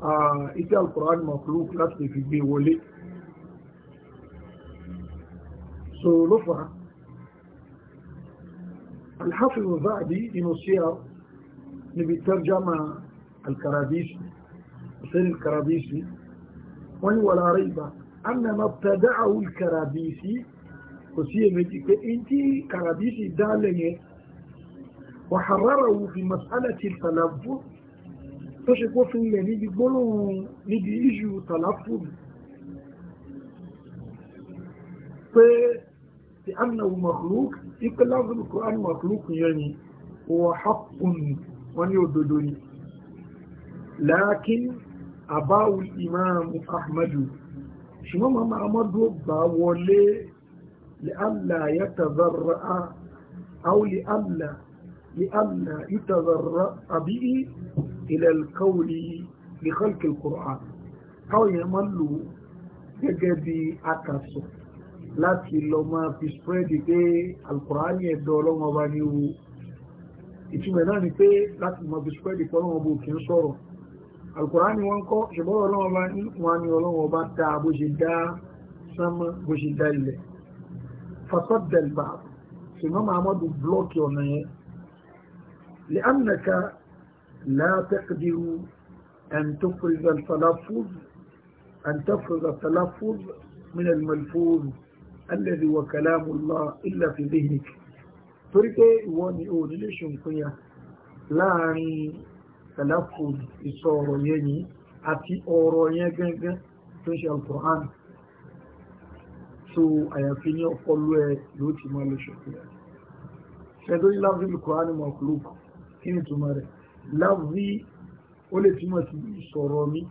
القران euh, il y a le Coran, mon clou, là, je suis béni. Sur le fond, الحافظ الذهبي ابن سيرة نبي ترجمة الكرابيسي الكرابيسي وني ولا ريبة أن ما ابتدعه الكرابيسي وسيم انتي كرابيسي دالني وحرره في مسألة التلفظ تشكو في اللي نيجي قولوا نيجي يجوا تلفظ لأنه مخلوق إقلاف القرآن مخلوق يعني هو حق ونيوددني لكن أباه الإمام أحمد شما ما أحمد باولي لألا يتذرأ أو لألا لأن يتذرأ به إلى القول لخلق القرآن أو يمل جدي أكاسو láti lọ máa fi spread pé alkùránì ẹ̀dọ́ ọlọ́wọ́n bá ní owó ìtumẹ̀ náà ni pé láti máa fi spread pé ọlọ́wọ́n bó kí ń sọ̀rọ̀ alkùránì wọn kọ́ ṣùgbọ́n ọlọ́wọ́n bá ní wọn ni ọlọ́wọ́n dá bó ṣe dá sánmọ́ bó ṣe dá ilẹ̀ fasọ́dẹ̀lbà ṣùgbọ́n mahamadu blọ́ọ̀kì ọ̀nà yẹn لأنك لا تقدر أن تفرز التلفظ أن تفرز التلفظ من الملفوظ الذي هو كلام الله إلا في ذهنك فريكي واني اوني ليشون كنيا لاني تلفظ يصور يني أتي أورو يجنج تنشي القرآن سو أيا فيني أقول لك ما ليشون كنيا سيدو يلغي القرآن مخلوق kí ni túmọ̀ rẹ̀ láwùí ó lè túmọ̀ sí ìsọ̀rọ̀ mi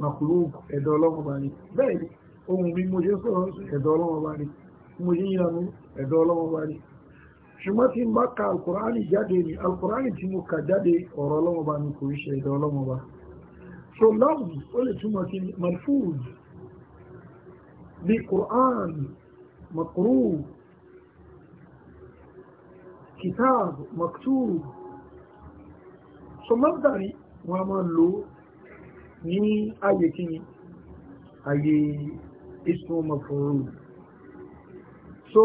makuluk ẹ̀dọ̀ ọlọ́mọba ni bẹ́ẹ̀ ni ohun mi mo ṣe sọ̀rọ̀ ẹ̀dọ̀ ọlọ́mọba ni mo ṣe yíyanú ẹ̀dọ̀ ọlọ́mọba ni ṣùgbọ́n tí n bá ka alukur'ani jáde ni alukur'ani tí mo kà jáde ọ̀rọ̀ ọlọ́mọba ni kò ṣe ẹ̀dọ̀ ọlọ́mọba so láwùí ó lè túmọ̀ sí malfud bí kur'an makuru kitab maktub so mọ́bdàrí wọ́n máa lò ní ayé kíni ayé ismu so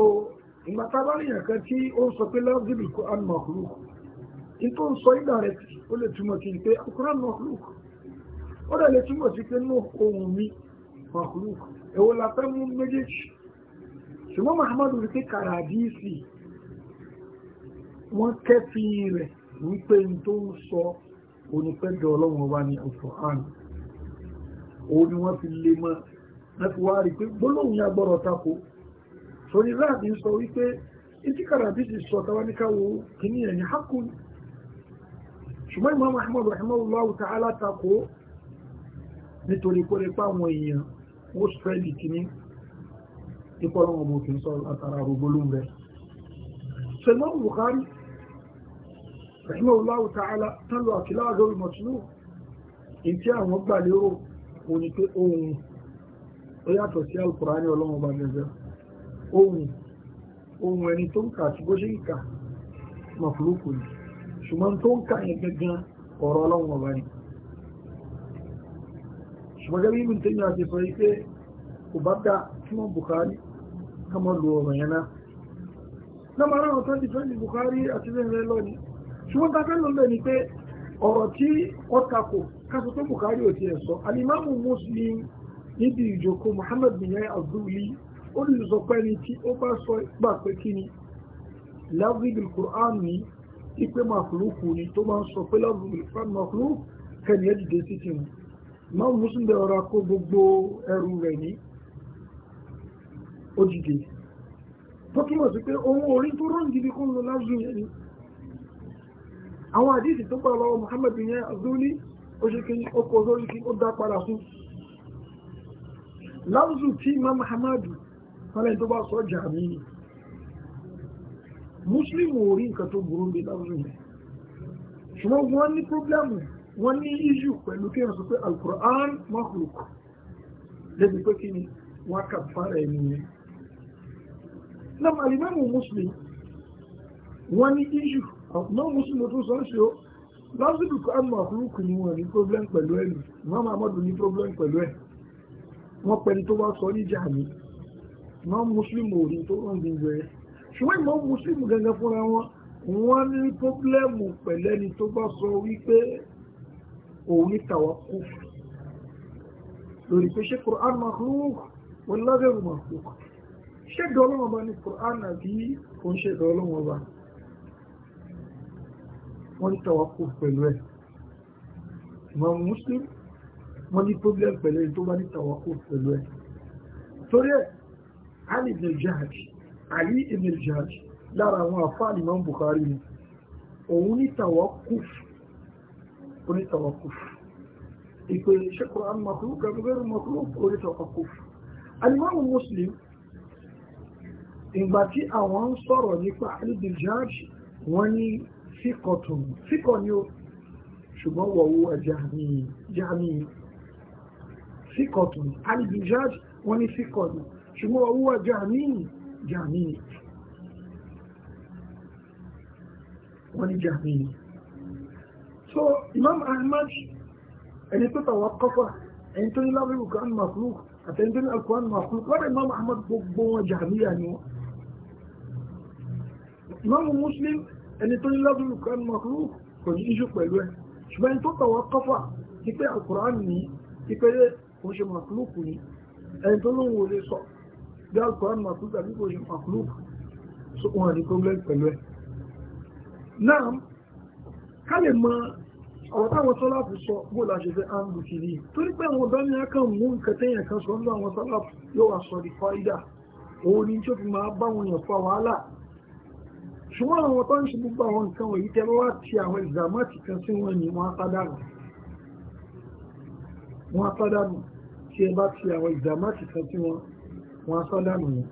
ìgbàta bá ní ẹ̀kan tí ó sọ pé lọ́gbìnrin kò án makhluk in tó ń sọ ìgbà rẹ̀ ó lè túmọ̀ sí pé Al-Qur'an makhluk ó dẹ̀ lè túmọ̀ sí pé náà ohun mi makhluk èwo la fẹ́ mú méjèèjì ṣùgbọ́n Muhammadu rí pé kàràdíìsì wọ́n kẹ́fì rẹ̀ wípé n tó ń sọ onípẹ́jọ ọlọ́run wa ní Al-Qur'an òun ni wọ́n fi lè mọ́ láti wá rí pé gbólóhùn yà gbọ́rọ̀ tako sórí láàbí sọ wípé ìtìkàrà bí ti sọ tàwọn kìíní ẹ̀ hakun ṣùgbọ́n Imam Ahmad rahimahullahu ta'ala tako nítorí kó lè pa àwọn èèyàn ó spread kìíní ipò ọlọ́run ọmọ òkè sọ látara gbólóhùn rẹ̀ ṣàhínà Allahu ta'ala tálọ àkílá àgọ́rù mọ̀túnú in tí àwọn gbà lérò òun ni pé ohun ó yàtọ̀ sí alukùránì ọlọ́run ọba gẹ̀gẹ́ ohun ohun ẹni tó ń kà àti bó ṣe ń kà mọ̀fúlùkù ni ṣùgbọ́n tó ń kà yẹn gangan ọ̀rọ̀ ọlọ́run ọba ni ṣùgbọ́n gẹ́gẹ́ bí ibi tẹ́yìn àti ṣùgbọ́n tá a fẹ́ lọ lẹ́ ni pé ọ̀rọ̀ tí ó káṣọ tó Bukhari ò tiẹ̀ sọ alimamu Muslim níbi ìjókòó Muhammad bin yahya abdulli ó lè sọ pé ẹni tí ó bá sọ gbà pé kí ni lafzul Qur'an ni ipe makuluku ni tó máa ń sọ pé lafzul Qur'an makuluku kẹ́ni ẹ̀ dìde sí tiwọn máa Muslim bẹ̀rẹ̀ ọ̀rọ̀ kó gbogbo ẹrù rẹ̀ ní ó dìde tó túmọ̀ sí pé ohun orí tó rọ̀ ń gidi kó ń lo lafzul yẹn ni àwọn àdíìsì tó gbà lọ́wọ́ Muhammad yẹn azuli ó ṣe kí ó kọ lórí kí ó dá padà fún láwùjù tí ma Muhammadu fọlẹ́ tó bá sọ jà mí ni Muslim ò rí nǹkan tó burú bí láwùjù yẹn ṣùgbọ́n wọ́n ní pọ́blẹ́mù wọ́n ní iṣu pẹ̀lú kí wọ́n sọ pé Al-Qur'an makhluk pé kí ni wọ́n kà fara ẹni yẹn náà al Muslim wọ́n ní iṣu náà mùsùlùmí tún sọ ń ṣe ó lásìkò kan mọ̀ àkúrúkù ni wọ́n ní problem pẹ̀lú ẹ̀ nù mọ́mọ́ amọ́dún ní problem pẹ̀lú ẹ̀ wọ́n pẹ̀lú tó bá sọ níjà mi náà mùsùlùmí ò ní tó rán gbogbo ẹ̀ ṣùgbọ́n ìmọ̀ mùsùlùmí gẹ́gẹ́ fúnra wọn wọ́n ní problem pẹ̀lú ẹni tó bá sọ wípé òun ní tawakkuf lórí pé ṣé Qur'an makhluk wala ghayru makhluk ṣé dọ́lọ́wọ́ bá ní wọ́n ní tàwákù pẹ̀lú ẹ̀ ìmọ̀mù muslim wọ́n ní problem pẹ̀lú ẹ̀ tó bá ní tàwákù pẹ̀lú ẹ̀ torí ẹ̀ ali ibn jahaj ali ibn jahaj lára àwọn àfáà ní Imam Bukhari ni òun ní tàwákù oní tàwákù ìpè ṣe Qur'an makhluk gẹ́gẹ́rù makhluk oní tàwákù alimọ́mù muslim ìgbà tí àwọn ń sọ̀rọ̀ nípa ali ibn jahaj wọ́n ní síkọ̀ tó síkọ̀ ni ó ṣùgbọ́n wọ̀wọ́ jami síkọ̀ tó alìbìjáj wọ́n ní síkọ̀ ni ṣùgbọ́n wọ̀wọ́ jami jami wọ́n ní jami so Imam Ahmad ẹni tó tàwọn kọ́fà ẹni tó ní lábẹ́rù kan makluk àtẹni tó ní alkuhan makluk lọ́dọ̀ Imam Ahmad gbogbo wọn jamiya ni wọn Imam Muslim ẹni tó ní lọ́dúnrún kan mọ̀kúrú kò ní iṣu pẹ̀lú ẹ̀ ṣùgbọ́n ẹni tó tọ̀wọ́ kọ́fà ti pé alukur'an ní ti pé kò ṣe mọ̀kúrú kù ní ẹni tó lóun ò lè sọ bí alukur'an mọ̀kúrú tàbí kò ṣe mọ̀kúrú so wọn ní problem pẹ̀lú ẹ̀. náà ká lè mọ ọ̀rọ̀ táwọn sọ́láàfù sọ bó la ṣe fẹ́ áńbù sí ni torí pé àwọn ọ̀dọ́ ní akàn mú nǹkan téèyàn kan sọ yóò wá sọ ṣùgbọ́n àwọn tó ń ṣe gbogbo àwọn nǹkan wọ̀nyí tẹ́ wá ti àwọn ìzàmọ́tì kan sí wọn ni wọ́n á pádànù wọ́n á pádànù tí ẹ bá ti àwọn ìzàmọ́tì kan sí wọn wọ́n á pádànù wọn.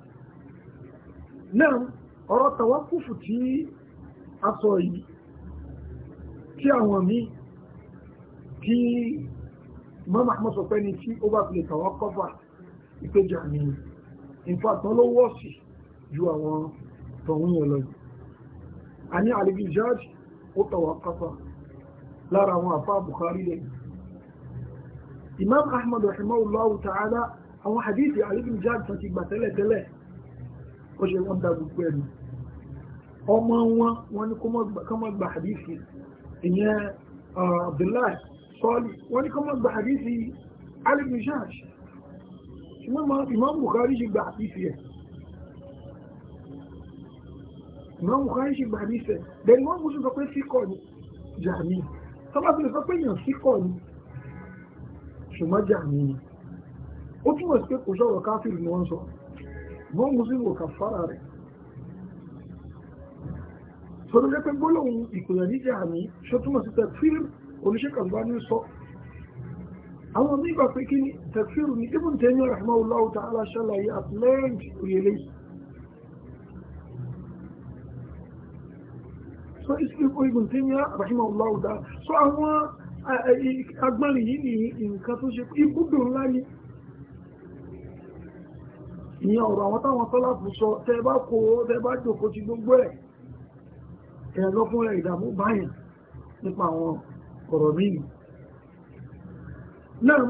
náà ọ̀rọ̀ tàwákùfù tí a sọ yìí tí àwọn míì tí mọ́mà mọ́ sọ pé ní tí ó bá fi lè tàwákọ́fà ìpéjà ni ìfàtàn ló wọ́ sí ju àwọn tọ̀hún yẹn lọ a ní àlejò jáde ó tọwọ́ kápá lára àwọn àfáà Bukhari lẹ́yìn Imam Ahmad rahimahullahu ta'ala àwọn hadithi àlejò jáde tán ti gbà tẹ́lẹ̀tẹ́lẹ̀ ó ṣe wọ́n dá gbogbo ẹ̀mí ọmọ wọn wọn ni kọ́ mọ́ gba hadithi ìyẹn uh, Abdullahi sọ́ọ̀lì wọn ni kọ́ mọ́ gba hadithi alibin jáde Imam Bukhari ṣe gba hadithi yẹn ìmọ̀ Bukhari ṣe gbà mí sẹ̀ bẹ́ẹ̀ wọ́n gbọ́dọ̀ sọ pé síkọ̀ ni jàmí tọ́ba fi lè sọ pé èèyàn síkọ̀ ni ṣùgbọ́n jàmí ni ó túmọ̀ sí pé kò sọ̀rọ̀ káfíìrì ni wọ́n sọ wọ́n mú sí ìwòkà fara rẹ̀ tọ́lú jẹ́ pé gbólóhùn ìpìlẹ̀ ní jàmí ṣó túmọ̀ sí tẹ̀fíìrì oníṣẹ́kàlùbá ní sọ àwọn mígbà pé kí ni tẹ̀fíìrì ni ibùn tẹ́yìn rahmanulahu ta'ala ṣàlàyé at length òyìnlẹ́yìn so Ibn Taymiyyah rahimahullahu ta'ala so àwọn eh, eh, eh, agbọ́nrin yìí ni nǹkan tó ṣe ibùdó ńlá ni ìyẹn ọ̀rọ̀ àwọn táwọn tọ́lápù sọ tẹ bá kó tẹ bá jòkó ti gbogbo ẹ̀ ẹ̀ lọ́kún rẹ̀ ìdààmú báyìí nípa àwọn ọ̀rọ̀ míì náà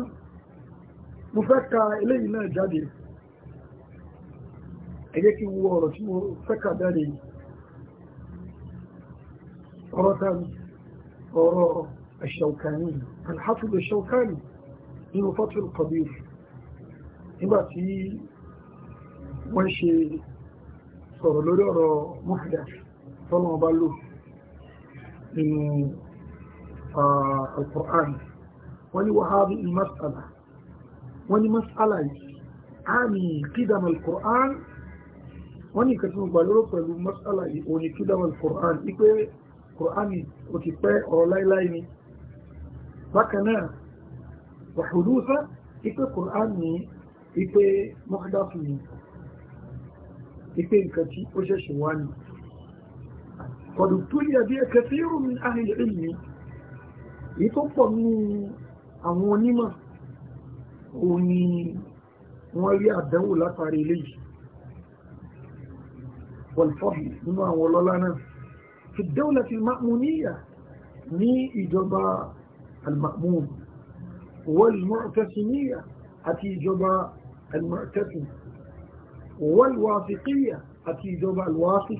mo fẹ́ ka eléyìí náà jáde ẹ jẹ́ kí n wo ọ̀rọ̀ tí mo fẹ́ ka jáde yìí ọ̀rọ̀ ọ̀rọ̀ الشوكاني الحافظ الشوكاني nínú fatul kabir nígbàtí wọ́n ṣe sọ̀rọ̀ lórí ọ̀rọ̀ mọ́fìdá tọ́nà ọba lò nínú al-Qur'an wọ́n ni wọ́n ha bí masala wọ́n ni masala yìí àmì kídàm al-Qur'an wọ́n ni kàtí mo gbà lóró pẹ̀lú masala yìí òní kídàm al-Qur'an ipé kùránì ó ti pẹ́ ọ̀rọ̀ láíláí ni bákan náà wàhùdúsá ipe kùránì ipe mọ́kàdáfù ni ipe nǹkan tí ó ṣẹ̀ṣẹ̀ wá ni kọ̀dù tó yẹ bí ẹ̀kẹ́ tí ó rùn ahìlẹ̀ ìlú èyí tó pọ̀ ní àwọn onímọ̀ òun wọ́n rí àdánwò látàrí eléyìí wọ́n fọ́bì nínú àwọn ọlọ́lá náà في الدولة المأمونية لإجابة المأمون والمعتسمية التي إجابة المعتسم والوافقية التي إجابة الوافق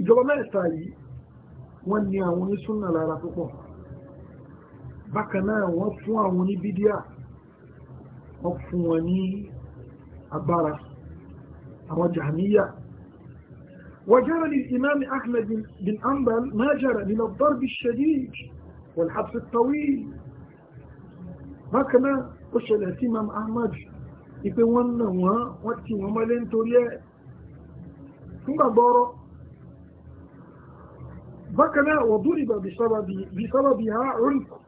إجابة ما يستعي ونعوني سنة لا رفقها بكنا وفعوني بديا وفعوني أبارا أو جهنية وجرى للإمام أحمد بن أنبل ما جرى من الضرب الشديد والحبس الطويل ما كما قش الاهتمام أحمد يبون هو واهتمام لين تولي ثم ضار بكنا وضرب بسبب بسببها عنق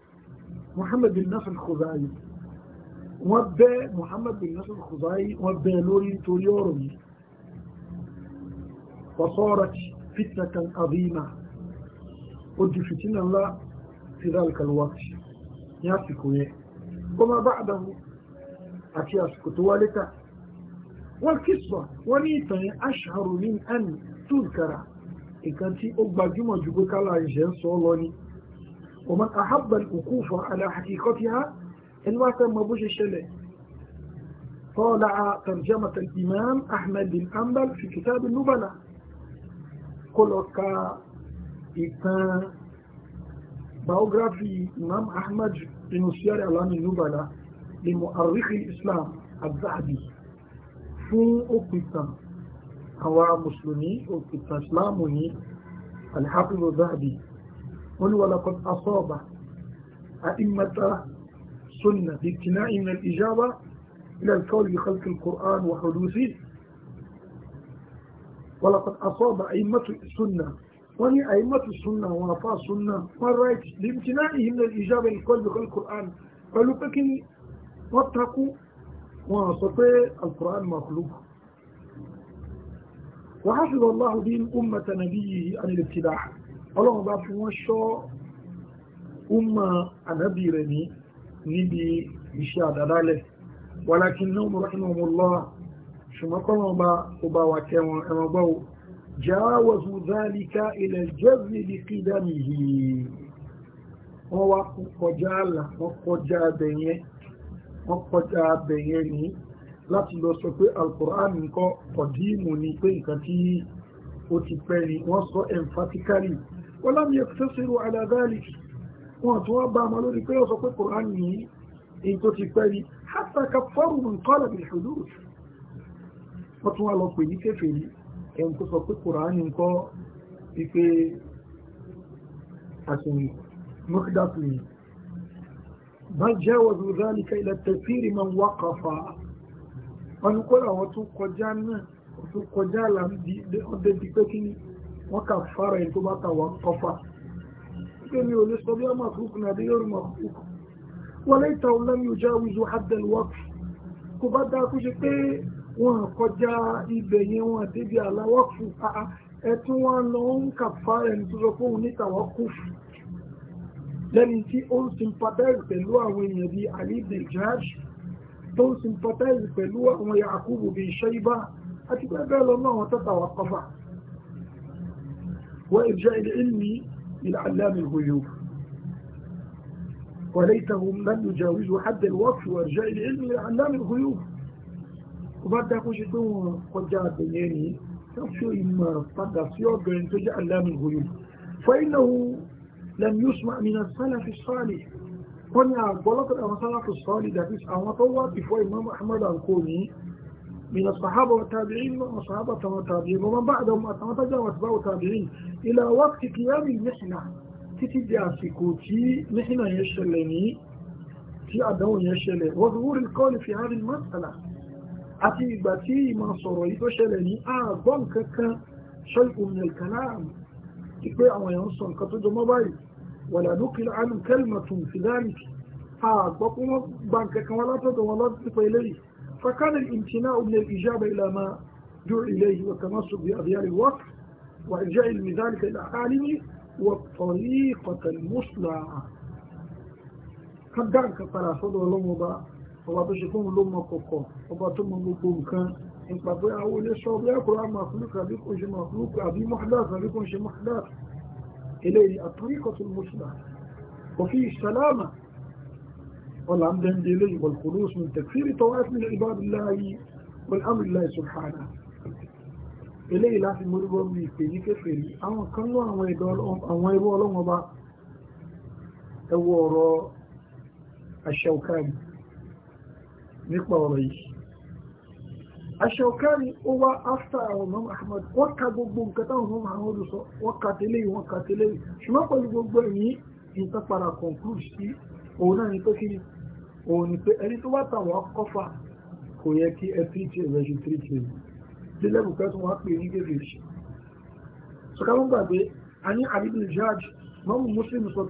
محمد بن نصر الخزاعي وبى محمد بن نصر الخزاعي وبى لوري توليورمي فصارت فتنة عظيمة ودي فتنة الله في ذلك الوقت يافكوا وما بعده أتياسك توالتا والقصة ونيتا أشهر من أن تذكر إن أبا جمع جبك الله يجهز صولوني ومن أحب الوقوف على حقيقتها الوقت ما بوش الشلع طالع ترجمة الإمام أحمد بن أنبل في كتاب النبلاء colocar e tem ìtàn biography imam ahmad inú siyari alami nubala li mu'arrikhi islam az-zahabi fún òpìtàn àwa mùsùlùmí òpìtàn islamu ní alhafiz az-zahabi wani walakot asaba a'immata sunna bi kina'i min al-ijaba ila al-qawl bi khalq al-qur'an wa huduthi ولقد أصاب أئمة السنة وني أئمة السنة وأفا السنة والرأيت لامتنائهم للإجابة للقلب القرآن قالوا بكني واتقوا وأستطيع القرآن مخلوق وحفظ الله دين أمة نبيه عن الابتلاع الله باب وشو أمة نبي رني نبي ولكن ولكنهم رحمه الله ṣùgbọ́n kọ́nà ọba ọba wà kẹwọn ẹran gbọ́ o jáwọ́sù záàlìká ilẹ̀ jẹ́sì lè kí dámì yìí wọ́n wá kọjá àlà wọ́n kọjá abẹ̀yẹn wọ́n kọjá abẹ̀yẹn ní láti lọ sọ pé alkùrán nǹkan ọ̀díìmù ni pé nǹkan tí ó ti pẹ́ ni wọ́n sọ emphatically wọ́n lámì ẹ̀fẹ́sẹ̀rù aláàdáàlì wọ́n tó wá bá wọ́n tún wá lọ pè ní kéfèrí ẹ̀hùn tó sọ pé kòránì nǹkan wípé àṣìyìn mọ́kídàtù ni bal jawazu dhalika ila tafsiri man waqafa wọn kó àwọn tún kọjá náà tún kọjá là ń débi pé kí wọ́n kà fara ẹni tó bá ta wà kọfà pé bá dáa kó ṣe pé wọn kọjá ibẹ̀ yẹn wọn débi aláwọ́kù ẹ̀tún wọn lọ ń kà fara ẹni tó sọ fóun ní tàwọ́kù lẹ́ni tí ó ń sympathize pẹ̀lú àwọn èèyàn bíi Ali bin Jaj tó ń sympathize pẹ̀lú àwọn Yakubu bin Shaiba àti bẹ́ẹ̀ bẹ́ẹ̀ lọ náà wọn tó tàwọ́kọ́fà wọ́n ìjẹ́ ilé ìlú ilé alámi huyub وليتهم لم يجاوزوا حد الوقف وارجاء العلم لعلام الغيوب tó bá dákú ṣe pé wọn kọjá àbẹ̀yẹ ni tó fi ìmọ̀ràn padà sí ọ̀dọ̀ ẹni tó jẹ́ aláàmì òye fẹ́yìnà lẹ́nu yóò súnmọ́ àmì náà sálà fi sọ́ọ̀lì wọ́n ní àgbọ́lọ́pọ̀ àwọn sálà sọ́ọ̀lì dàbí àwọn tó wà bìfọ́ Imam Ahmad al-Kuni من àti ìgbà tí ìmọ̀ sọ̀rọ̀ yìí tó ṣẹlẹ̀ ní àgbọ̀n kankan ṣe ìmọ̀ ìkànnàmù ti pé àwọn èèyàn sọ nǹkan tó jọmọ́ báyìí wàlà lókìlá alù kẹlìmọ̀tún fìdáàlìkì àgbọ̀ pé wọ́n gba kankan wọn látọ̀dọ̀ wọn lọ́dún nípa eléyìí fakánà ìtìná omi ìjábẹ̀ ìlànà ju eléyìí wà kàmá sùgbì àbíyárì wọ́k ọba tó ṣe fún ló mọ kọ̀kọ̀ ọba tó mọ gbogbo nǹkan nípa pé àwọn ilé sọ bí ẹkùnrin àmà fúlùkù àbí kò ṣe màfúlùkù àbí mọ́hádàs àbí kò ṣe mọ́hádàs eléyìí àtúríkọ̀tún mùsùlùmá òfin ìsàlámà ọ̀là ń bẹ́ndé eléyìí wọ̀lùkùrúsù tẹ̀kfírí tọ́wọ́ ẹ̀sìn ìbáduláyì wọ̀lùhámìláyì sùhánà eléyìí láti mọ́rúgbọ́ mi ìpè ní kéfèrè àwọn kan lọ àwọn ẹ̀rọ ọlọ́wọ́ bá ẹwọ́ ọ̀rọ̀ aṣẹ́ òkàrí nípa ọ̀rọ̀ yìí aṣọ́kárì ó wá áfta àwọn ọmọ ahmed wọ́n ka gbogbo nǹkan táwọn ọmọ àwọn olùsọ wọ́n ka tẹ́lẹ̀ yìí wọ́n ka tẹ́lẹ̀ yìí ṣùgbọ́n pẹ̀lú gbogbo ẹ̀yìn nǹkan padà conclude sí òun náà ní pé kí òun ní pé ẹni tó wá tàwọn kọfà kò yẹ kí ẹ tírìtì rẹ̀ ṣe tírìtì rẹ̀ lílẹ̀ bùkẹ́ tó wọ́n pè ní gẹ́gẹ́sì sọ̀kà wọ́n gbàgbé a ní àbíbí jáàjì mọ́mù muslim sọ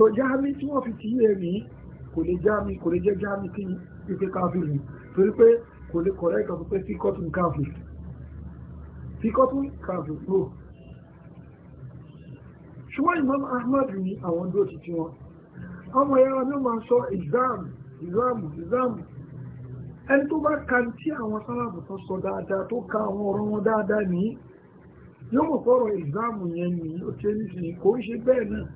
so jáàmì tí wọ́n fi ti yé kò lè jáàmì kò lè jẹ́ jáàmì tí ife káfí torí pé kò lè kọ̀rẹ́ ìkan pé fíkọ́tún káfí káfí Imam Ahmad ní àwọn wọn ọmọ yàrá ní ma sọ exam exam exam ẹni tó bá ka tí àwọn ka àwọn ọ̀rọ̀ wọn dáadáa ní yóò mọ̀ fọ́rọ̀ exam yẹn ní kò ń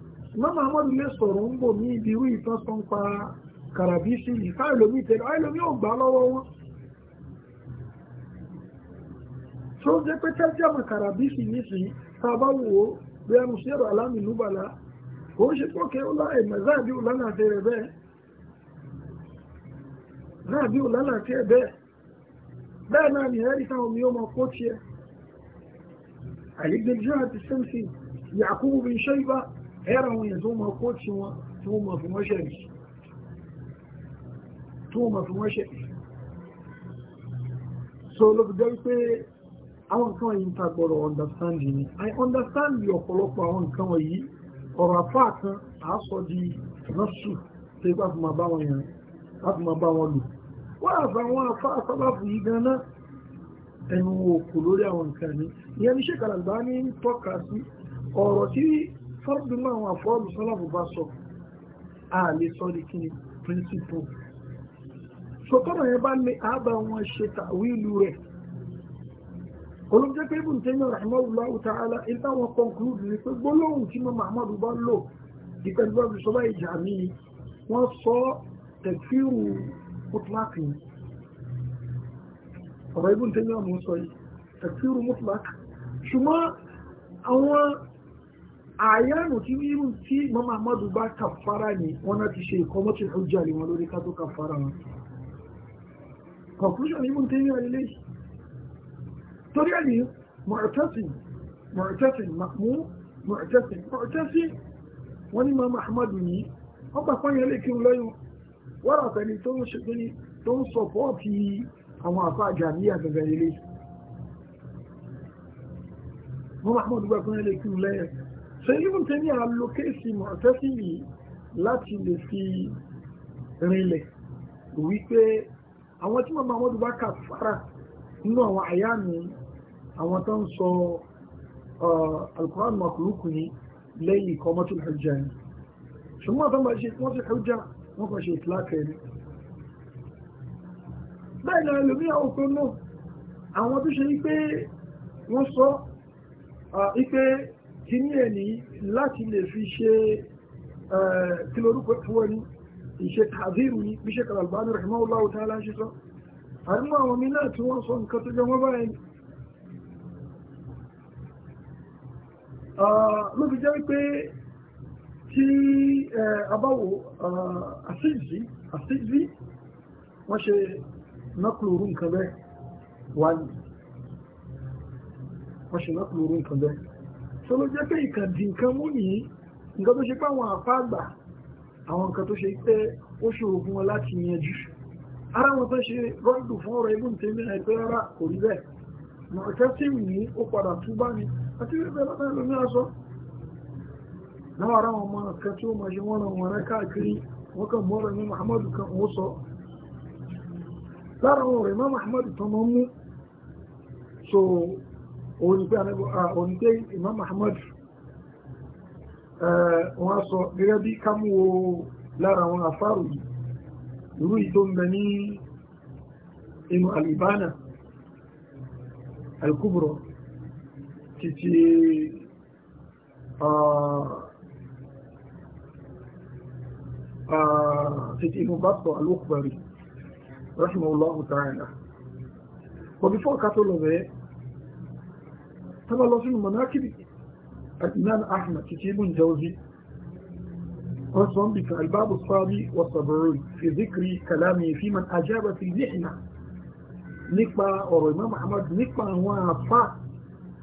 mọ́mọ́ amọ́dù lè sọ̀rọ̀ ń bò ní ibi irú ìtàn tó ń pa kàràbíṣì ìfá ìlòmí ìtẹ̀lẹ̀ àìlòmí ò gbà lọ́wọ́ wọn tó jẹ́ pé tẹ́jọ́mọ̀ kàràbíṣì nísìnyí tá a bá wò ó bí ẹnu sí ẹ̀rọ alámì núbàlá kò ń ṣe pọ́kẹ́ ó lá ẹ̀mẹ̀ záàbí ò lánàá fẹ́ bẹ́ẹ̀ ẹ̀rọ àwọn èèyàn tó mọ kó tí wọn tó mọ fi so ló fi jẹ́ wípé àwọn nǹkan yìí ń ta gbọ́dọ̀ understand ni i understand your ọ̀pọ̀lọpọ̀ àwọn nǹkan wọ̀nyí ọ̀rọ̀ àpá kan àásọ di nọ́ọ̀sù tó ipá fi máa bá wọn yàn láti máa bá wọn lò wọ́n àfà àwọn afá sábàbù ẹnu òkú lórí àwọn nǹkan ní ìyẹn ní ṣèkàlàgbá ní tọ́ka sí ọ̀rọ̀ tí fọ́ọ̀dù náà àwọn àfọ́ọ̀lù sọ́làbù bá sọ a lè sọ ní kí ni principle sọtọ́nà yẹn bá lè àbá wọn ṣe tàwílù rẹ̀ olùjẹ́ pé ibùn tẹ́yìn rahimahullahu ta'ala ìta wọn conclude ni pé gbólóhùn tí mọ́mọ́ amadu bá lò ìpẹ̀lúwàbí sọ́lá ìjà mi wọ́n sọ tẹ̀fíìrù mutlak ni ọ̀rọ̀ ibùn tẹ́yìn ọ̀mù sọ yìí tẹ̀fíìrù mutlak ṣùgbọ́n àwọn àyànù tí irú tí mọ́mà amadu bá kàfàrà ní wọ́n náà ti ṣe ìkọmọ́tì ọjà lè wọn lórí kátó kàfàrà wọn conclusion ibùn tí yíò ilé torí ẹni mọ̀rẹ̀tẹ́sìn mọ̀rẹ̀tẹ́sìn mahmú mọ̀rẹ̀tẹ́sìn mọ̀rẹ̀tẹ́sìn wọ́n ní mọ́mà amadu ní wọ́n gbà pọ́n yẹn lè kí n lọ́yún wọ́n rà pẹ̀lú tó ń ṣe tó ń sọ̀pọ́ọ̀tì àwọn àfa àjàmíyà gẹ̀gẹ̀ ilé mọ́mà amadu gbà pọ́n yẹn lè lọ́yún so even tẹ́lẹ̀ àlòkéèsì mọ̀ọ́tẹ́sì yìí láti lè fi rinlẹ̀ wípé àwọn tí wọ́n bá wọ́n dùbá kà fara nínú àwọn àyà mi àwọn tó ń sọ alukuran makuluku ni lẹ́yìn kọ́mọ́tò hujja ni ṣùgbọ́n tó ń bá ṣe kọ́mọ́tò hujja wọ́n kàn ṣe ìtìlákẹ́ ni bẹ́ẹ̀ ni ẹlòmíyàwó pé náà àwọn tó ṣe wípé wọ́n sọ wípé kí ní ẹni láti lè fi ṣe kí lórúkọ fún ẹni ìṣe tàbírù ní bí ṣe kàlàbánú rahimahullahu ta'ala ṣe sọ àrímọ̀ àwọn mi náà tí wọ́n sọ nǹkan tó jẹ́ wọ́n báyìí ló fi jẹ́ wípé tí abáwò àṣíjì wọ́n ṣe nákùlùrù nǹkan bẹ́ẹ̀ nǹkan bẹ́ẹ̀ so ló jẹ́ pé ìkàndì nǹkan mú nìyí nǹkan tó ṣe pé àwọn àpá àgbà àwọn nǹkan tó ṣe pé ó ṣòro fún wọn láti yanjú ara wọn tó ṣe rọ́ǹdù fún ọ̀rọ̀ ibùn tèmi àìpẹ́ rárá kò rí bẹ́ẹ̀ mọ̀ọ́kẹ́ sí ní ó padà túbá ni àti bẹ́ẹ̀ bẹ́ẹ̀ lómi aṣọ náà ara wọn máa kan tí ó máa ṣe wọ́n ràn wọ́n rẹ́ káàkiri wọ́n kàn mọ́ra ní Muhammadu kan ó sọ lára wọn rẹ̀ má Muhammadu tán máa mú so òun ni pé òun ni pé Imam Ahmad wọ́n sọ gẹ́gẹ́ bí kámúwo lára àwọn afárò yìí irú ìtò ń bẹ ní inú alìbánà alkubro títí títí inú bàtọ̀ alókùbárì rahimahullahu ta'ala. but before kato lọ bẹ́ẹ̀ tọ́lọ́ lọ sínú mọ̀nákìrì al-Imam Ahmad títí ibùn Jawzi wọ́n sọ ń bì kan al-babu sábì wa sabrun fi zikri kalami fi man ajaba fi mihna nípa ọ̀rọ̀ Imam Ahmad nípa àwọn àfà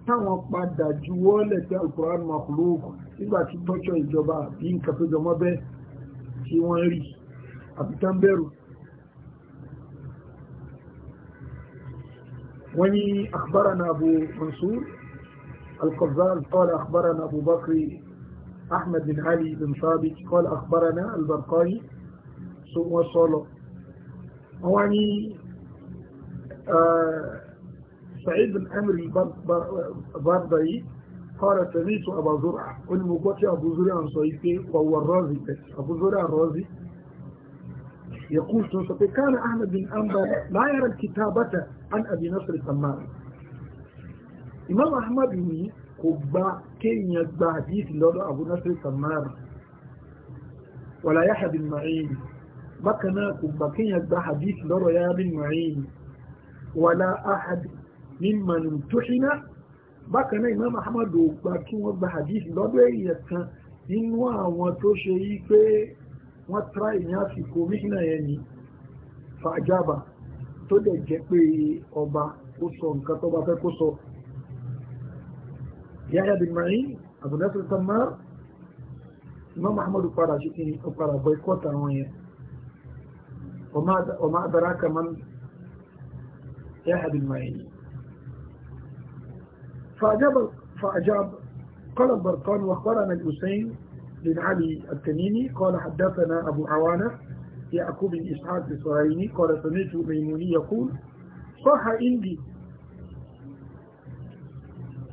táwọn padà juwọ́lẹ̀ tí al-Qur'an makhluq nígbà tí tọ́jọ́ ìjọba àbí nǹkan tó jọmọ́ bẹ́ẹ̀ tí wọ́n rí àbítán bẹ̀rù wọ́n ní akhbarana Abu Mansur القزال قال أخبرنا أبو بكر أحمد بن علي بن ثابت قال أخبرنا البرقاني سوء وصاله يعني آه، سعيد بن أمر البردعي قال سميت أبا زرع مقاتل أبو زرع عن وهو الرازي أبو زرع الرازي يقول كان أحمد بن أنبر لا يرى الكتابة عن أبي نصر الثمار Imam Ahmad ní kò gba kéèyàn gba àdíìsì lọ́dọ̀ Abu Nasir Samar wàlá Yahya bin Ma'in bákan náà kò gba kéèyàn gba àdíìsì lọ́dọ̀ Yahya bin Ma'in wàlá ahad mimman tuhina bákan náà Imam Ahmad ò gba kí wọ́n gba àdíìsì lọ́dọ̀ èèyàn kan nínú àwọn tó ṣe yí pé wọ́n tra ìyẹn àsìkò yẹn ni fàjábà tó dẹ̀ jẹ́ pé ọba ó sọ nǹkan tó bá fẹ́ kó sọ يحيى بن معين أبو نصر التمار إمام أحمد قرأ شكري قرأ بويكوتا وين وما وما أدراك من يحيى بن معين فأجاب فأجاب قال البرقان واخبرنا الحسين بن علي التميمي قال حدثنا أبو عوانة يعقوب بن إسحاق السرايني قال سمعت ميموني يقول صح عندي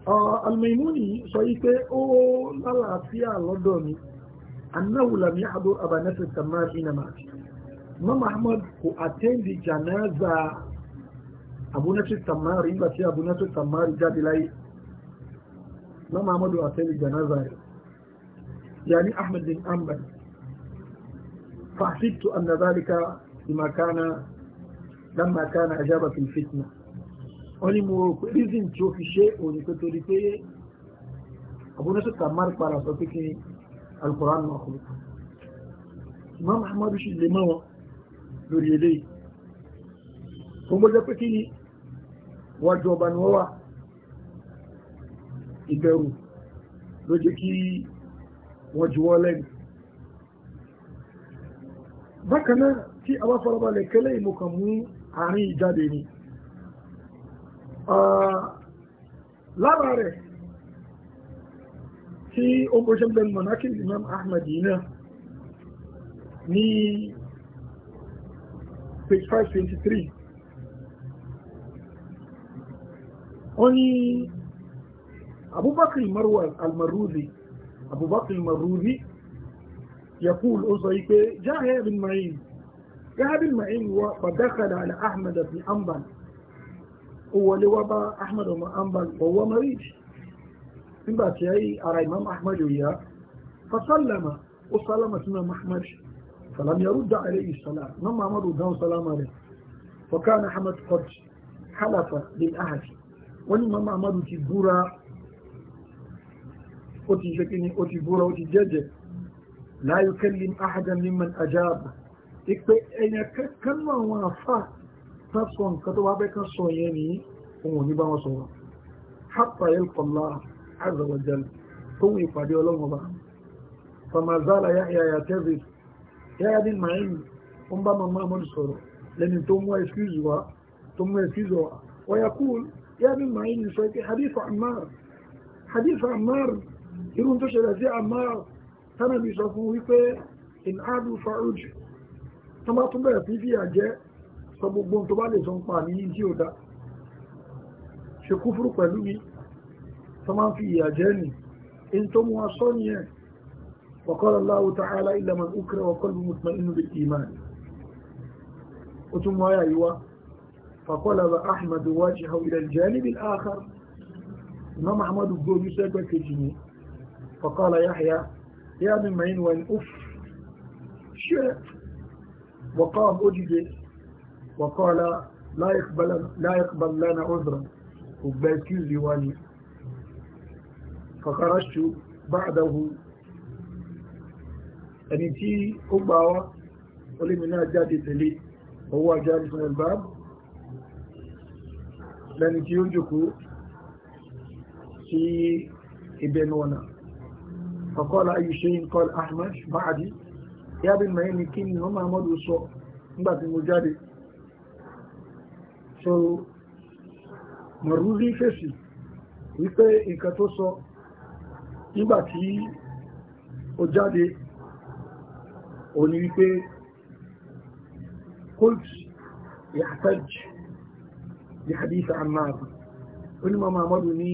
آه، الميموني صيفة أو لا في لدوني أنه لم يحضر أبا نفر التمار حين مات ما أحمد هو أتين جنازة أبو نفر التمار إلا في أبو نفر التمار جاد لي ما أحمد هو أتين جنازة يعني أحمد بن أنبل فحسبت أن ذلك لما كان لما كان أجاب الفتنة wọ́n ní mo rò pé reason tí ó fi ṣe òní pé torí pé abúlẹ́sọ̀ tamar padà sọ pé kí alukoran náà kúrò imam ahmadu ṣì lè mọ́ wọn lórí eléyìí tó pé kí ni wájú ọba ni wọ́n wà ìbẹ̀rù ló kí wọ́n juwọ́ lẹ́nu bákan náà tí a bá kẹ́lẹ́ ìmọ̀kàn àárín ìjáde ni. lára rẹ̀ tí ó bó ṣe ń bẹnu mọ̀nákì Imam Ahmad yìí náà ní page 523 wọ́n ní Abubakar Marwa al-Marudi Abubakar al-Marudi يقول أصيبه جاء بن معين جاء بن معين ودخل على أحمد بن أنبل ó wọlé wá bá ahmed ọmọ ambal ọwọ́ married nígbà tí ayé ara imam ahmed ò yá fasalama ó sálámà sí imam ahmed salam ya rúdà alayhi salam náà muhammad ò dáhùn sálámà rẹ̀ fọkàn ahmed qad halafa bin ahad wọ́n ní imam ahmed ti búra ó ti ṣe kíni ó ti búra ó ti jẹ́jẹ́ la yukallim ahadan mimman ajaba ìpè ẹ̀yàn kankan náà wọn àfáà tán sọ nǹkan tó wá bẹ́ kán sọ yẹn ní ohun òní bá wọn sọ̀rọ̀ hatta yalqa Allah azza wa jalla tó wù ìpàdé ọlọ́run ọba famazala yahya yatẹ́rì yahya bin ma'in ó ń bá màmá amadu sọ̀rọ̀ lẹ́ni tó mú ẹ̀fíìsì wa tó mú ẹ̀fíìsì wa wọ́yà kú yahya bin ma'in sọ pé hadith ammar hadith ammar irun tó ṣẹlẹ̀ sí ammar tánàbí sọ fún wípé in adu faruj tó bá tún bẹ̀rẹ̀ fífi àjẹ́ sọ gbogbo tó bá lè sọ ń pa mí ní tí ó dá ṣe kúfúrú pẹ̀lú mi tó máa ń fi ìyà jẹ́ nì in tó mú aṣọ ni ẹ̀ wàkọ́lá láwù ta'ala illa man ukra wàkọ́lù mutma'innu bil ni فقال يحيى يا من معين وقال لا يقبل لا يقبل لنا عذرا وبيكوزي واني فخرجت بعده ẹni tí ó gbà wá olómìnà jáde tẹ̀lé owó ajá ní fún ẹgbà lẹni tí ó jòkó sí ìbẹ̀nu ọ̀nà ọ̀kọ́lá ayùṣe nǹkan ahmed báadí yábí mẹ́rin kí ni wọ́n máa mọ́dún sọ nígbàtí mo jáde sọ o mọ̀rúdí fèsì wípé nǹkan tó sọ nígbàtí ó jáde ò ní wípé colt yahtaj bí hadith ammar onímọ̀ mamadu ní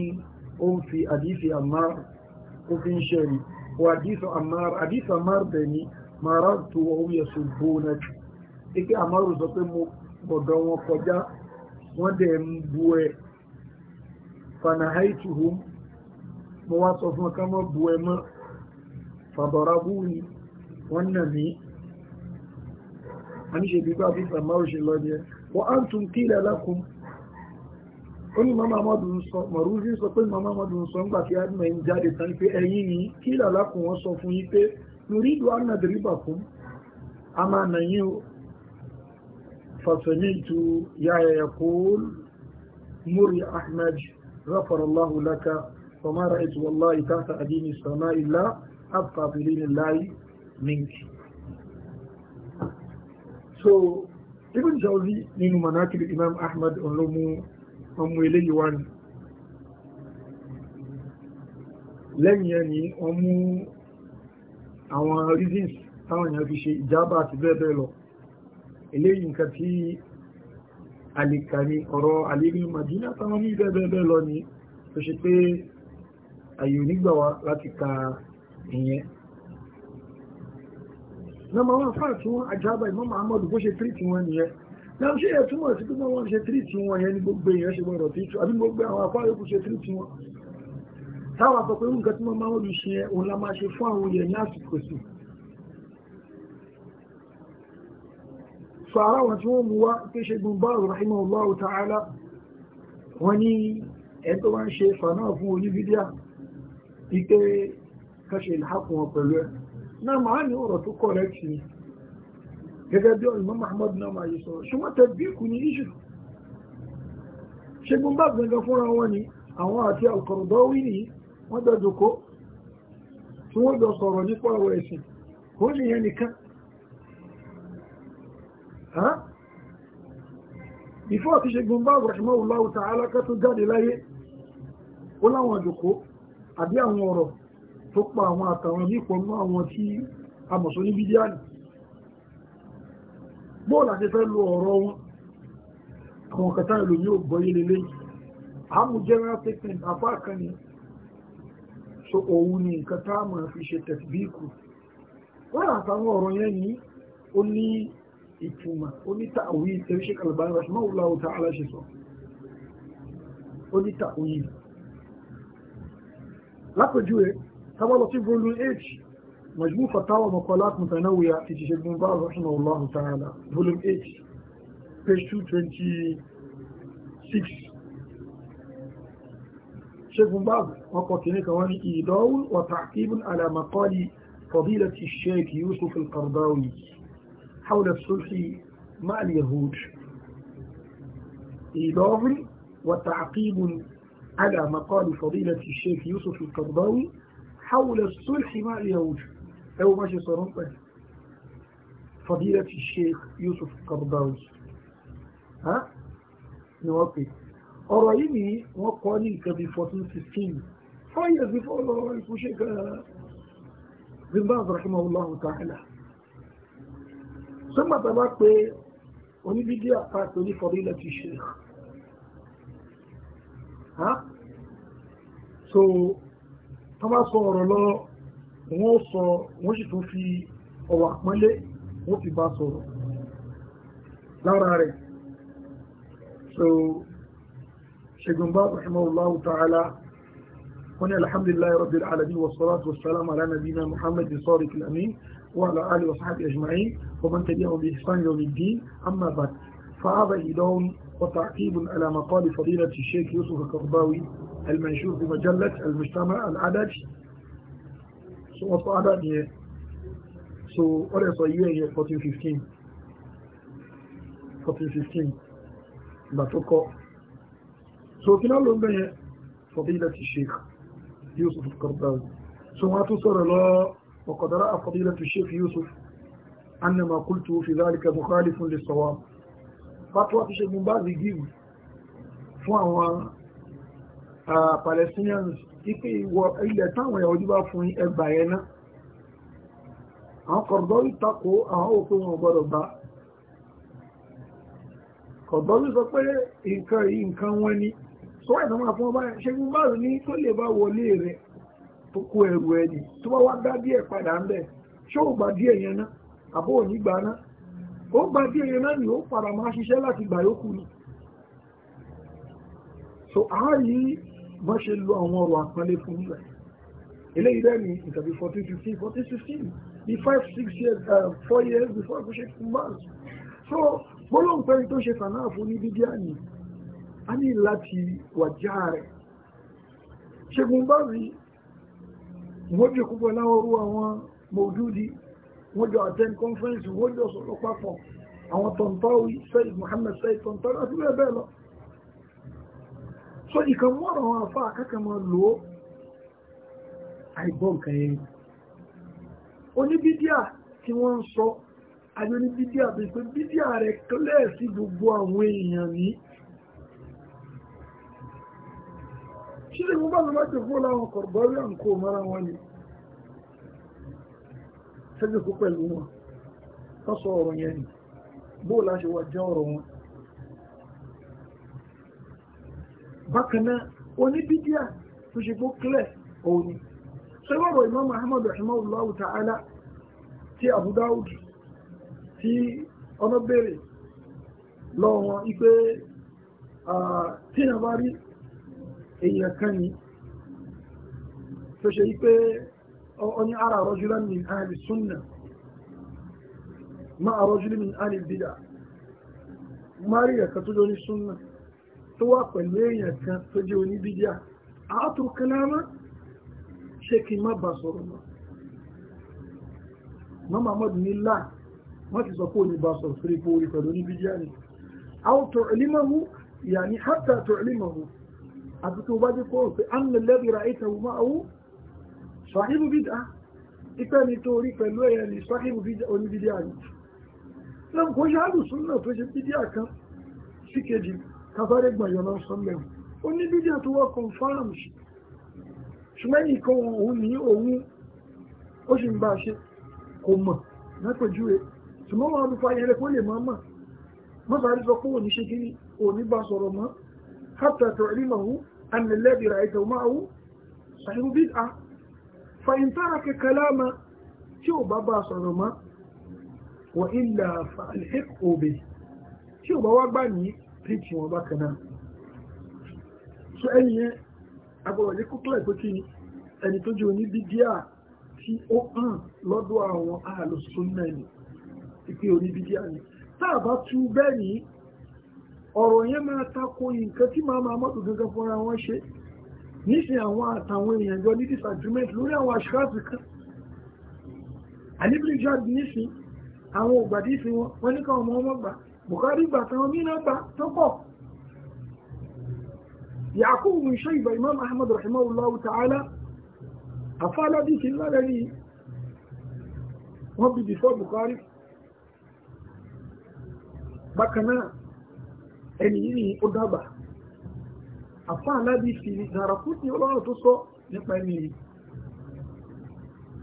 ó ń fi hadith ammar ó fi ń ṣẹ̀rì wa hadith ammar hadith ammar bẹ̀ ni marartu wa ó yẹ sùgbónà ike amaru sọ pé mo gbọ̀dọ̀ wọ́n dẹ̀ ń bu ẹ fanahaituhum mo wá sọ fún ọkàn mọ́ bu ẹ mọ́ fàbọ̀rabúni wọ́n nà mí a ní ṣe bí bá bí ṣe lọ jẹ wọ́n á tún kílẹ̀ lákùn ó ní mama amadu ń sọ mọ̀rúzí sọ pé mama amadu ń sọ ńgbà tí adìmọ̀ ń jáde tán pé ẹ̀yìn ní kílẹ̀ lákùn wọ́n sọ fún yí pé nùrídùú ánàdìrí bà fún a máa nà yín o فسمعت يحيى يقول مري أحمد غفر الله لك وما رأيت والله تحت أدين السماء إلا أبقى بلين الله منك So, Ibn Jawzi nínú manakib Imam Ahmad ọlọ́mú ọmọ eléyìí wá ní. Lẹ́yìn ẹni wọ́n mú àwọn reasons táwọn èèyàn fi ṣe ìjábà àti bẹ́ẹ̀ bẹ́ẹ̀ lọ eléyìí nǹkan tí alìkàní ọ̀rọ̀ alìrìn madina táwọn ní bẹ́ẹ̀bẹ́ẹ̀ lọ ni tó ṣe pé àyè onígbà wa láti ka ìyẹn náà máa wá fáà tí wọ́n ajábá Imam Ahmad bó ṣe tírìtì wọn nìyẹn náà ṣe yẹ túmọ̀ sí pé wọ́n ṣe tírìtì wọn yẹn ní gbogbo èèyàn ṣe gbọ́dọ̀ tírìtì àbí gbogbo àwọn afá yòókù ṣe tírìtì wọn táwọn àpapọ̀ irú nǹkan tí wọ́n máa ń lu ṣe òun la máa ṣe fún àwọn èèyàn ní àsìkò sí so ara wọn tí wọ́n mú wá pé ṣe gbùn bá rahimahullahu ta'ala wọ́n ní ẹni tó wá ń ṣe fàná fún oní fídíà ipé kẹṣe ìlhàkùn wọn pẹ̀lú ẹ náà máa ní ọ̀rọ̀ tó kọ̀rẹ́kì ni gẹ́gẹ́ bí ọ̀rọ̀ Muhammad náà máa yẹ sọ̀rọ̀ ṣùgbọ́n tẹ̀bí kù ní ìṣù ṣe gbùn bá gbẹ̀ngàn fúnra wọn ni àwọn àti al-Qaradawi ni wọ́n jọ jòkó tí wọ́n jọ sọ̀rọ̀ nípa ọ̀rọ̀ ẹ̀sìn kò ní yẹn ìfọ́ àti ṣe gbogbo àbùrọ̀ṣùmọ́ Allahu ta'ala ká tó jáde láyé ó láwọn àjòkó àbí àwọn ọ̀rọ̀ tó pa àwọn àtàwọn nípọ̀ mọ́ àwọn tí a mọ̀ sọ ní bídíàní bóòlù àti fẹ́ lo ọ̀rọ̀ wọn àwọn kẹta ìlú ní ògbọ́yé lélẹ́yìn àmú general statement apá kan ni so òun ni nǹkan tá a fi ṣe tẹ̀síbíkù wọ́n àtàwọn ọ̀rọ̀ yẹn ní ó ní ìtumà onítàwí tẹ́rí ṣe kàlùbá ní ọ̀ṣùmọ́ òlà òta aláṣẹ sọ onítàwí lápẹjú ẹ tábàlọ sí volume 8 majmú fatawa maqalat mutanawiya ti ṣe gbọ́n bá ọ̀ṣùmọ́ òlà òta alá volume 8 page 226 ṣe gbọ́n bá ọkọ̀ kìnnìkan wọn ni ìdọ́wù wa ta'qibun ala maqali fadilati sheikh حول الصلح مع اليهود إيضاح وتعقيب على مقال فضيلة الشيخ يوسف القرضاوي حول الصلح مع اليهود أو ماشي صرمت فضيلة الشيخ يوسف القرضاوي ها نوقف أرأيني yìí ni wọ́n kọ́ ní nǹkan bíi fourteen sixteen four years before lọ́wọ́ sọ́mà bàbá pé oníbídíò àpáàtì onífọ̀rí ilẹ̀ ti ṣe so wọ́n bá sọ ọ̀rọ̀ lọ wọ́n sọ wọ́n sì tún fi ọ̀wà pọ́nlé wọ́n fi bá sọ̀rọ̀ lára rẹ̀ so ṣegun bá rahimahullahu ta'ala wọ́n ni alhamdulillahi rabbil alamin wa salatu wa salam ala nabina muhammad sọ́rọ̀ ìkìlámi وعلى آله وصحبه أجمعين ومن تبعهم بإحسان يوم الدين أما بعد فهذا إيداون وتعقيب على مقال فضيلة الشيخ يوسف القرضاوي المنشور في مجلة المجتمع العدد سوى الطعبة هي سوى أرى صيوة هي 1415 1415 لا تقع سوى كنا لهم فضيلة الشيخ يوسف القرضاوي سوى ما تصر الله وقد رأى فضيلة الشيخ يوسف أن ما قلته في ذلك مخالف للصواب فتوى الشيخ بن باز يجيب فهو Palestinians ipe ìwọ ilẹ̀ táwọn Yahudi bá fún ẹgbà yẹn náà àwọn kọ̀dọ́lù takò àwọn òpin wọn gbọ́dọ̀ bá kọ̀dọ́lù sọ pé nǹkan yìí nǹkan wọn ni sọ ẹ̀dọ́ máa ọba ṣe gbọ́dọ̀ ní tó lè bá wọlé rẹ̀ tó kó ẹrù ẹni tó bá wá dá díẹ̀ padà ń bẹ̀ ṣé ò gbà díẹ̀ yẹn ná àbó òní gbà ná ó gbà díẹ̀ yẹn náà ni ó padà máa ṣiṣẹ́ láti gbà yókù ni so ààyè wọ́n ṣe lo àwọn ọ̀rọ̀ àpọ́nlé fún nígbà eléyìí rẹ̀ ni ìtàbí fourteen fifteen fourteen sixteen ní five six years uh, four years before kò ṣe fún mars so gbólóǹpẹ́ni tó ṣe sànáà fún ní dídí àní a ní láti wàjá rẹ̀ ṣègùn báyìí wọ́n jọ kúpọ̀ láwọ́rú àwọn mọ̀júdí wọ́n jọ attend conference wọ́n jọ sọ̀rọ̀ papọ̀ àwọn tọ̀ntọ́wì Said Muhammad Said tọ̀ntọ́wì àti bẹ́ẹ̀ lọ so ìkan mọ́rọ̀ àwọn afá akẹ́kẹ́ máa lò ó àìgbọ́n nǹkan yẹn oníbídíà tí wọ́n ń sọ àbí oníbídíà bí pé bídíà rẹ̀ kílẹ̀ sí gbogbo àwọn èèyàn ní shi ne ba za ta fola wa karbari an ko mara wani sẹ́jọ́ kó pẹ̀lú wọn wọ́n sọ ọ̀rọ̀ yẹn ni bó láṣe wà jẹ́ ọ̀rọ̀ wọn bákanáà oníbídíà tó ṣe kó kílẹ̀ òní sọ́gbọ̀rọ̀ Imam Ahmad rahimahullahu ta'ala tí Abu Dawud tí ọ̀nà bèèrè lọ́wọ́ ipé ah, tí èèyàn kan ni tó ṣe yí pé ọni ara rajulan min ahli sunna ma rajulin min ahli bid'a mari ẹ̀ka tó jọ ní sunna tó wà pẹ̀lú èèyàn kan tó jẹ́ oníbídíà àátùrù kanáàmá ṣe kí má bà sọ̀rọ̀ mọ́ mọ́mọ́ amọ́dù ní láà wọ́n ti sọ pé bá sọ̀rọ̀ sórí orí pẹ̀lú oníbídíà ni àwòtò ìlímọ̀hù yàní hátà tó ìlímọ̀hù àti tó bá jẹ́ kó rò pé anna lẹ́bi ra ìtàwù máa wú ṣàhíbù bídà ìpẹ́ ni tó rí pẹ̀lú ẹ̀yẹ ni ṣàhíbù oníbídíà ni lẹ́m kó ṣe àdùsùn náà tó ṣe bídíà kan sí kejì kàfàrẹ́ gbàyọ̀ lọ sọ mẹ́wọ̀n oníbídíà tó wọ́n confam sí ṣùgbọ́n nìkan òun ní òun ó sì ń bá ṣe kò mọ̀ lápẹ̀júwe ṣùgbọ́n wọn àdúfà ayẹrẹ kó أن الذي رأيته معه صحيح بدعة فإن ترك كلام شو بابا صنما وإلا فالحقه به شو بابا باني ريتي وباكنا so ẹni yẹn agbọ̀rọ̀ ní kúkúlẹ̀ pé kí ẹni tó jẹ́ oníbídíà tí ó hàn lọ́dọ̀ àwọn àlòsùn náà ní ìpé oníbídíà ni táàbá tú bẹ́ẹ̀ ní ọ̀rọ̀ yẹn máa tako nǹkan tí màmá amadu gangan fúnra wọn ṣe nísìn àwọn àtàwọn èèyàn jọ ní disagreement lórí àwọn aṣáájú kan àníbìlì jáde nísìn àwọn ògbàdí sí wọn wọn ní káwọn ọmọ ọmọ gbà bùkárí gbà táwọn mìíràn gbà tó pọ̀ yàkùn ń ṣe ìgbà imam ahmed rahimahullahu ta'ala afáàládìí sí ńlá rẹ̀ wọ́n bí before bùkárí bákan náà ẹni yìí ni ó dàgbà àfa alábi fi Daraqutni ọlọ́run tó sọ nípa ẹni yìí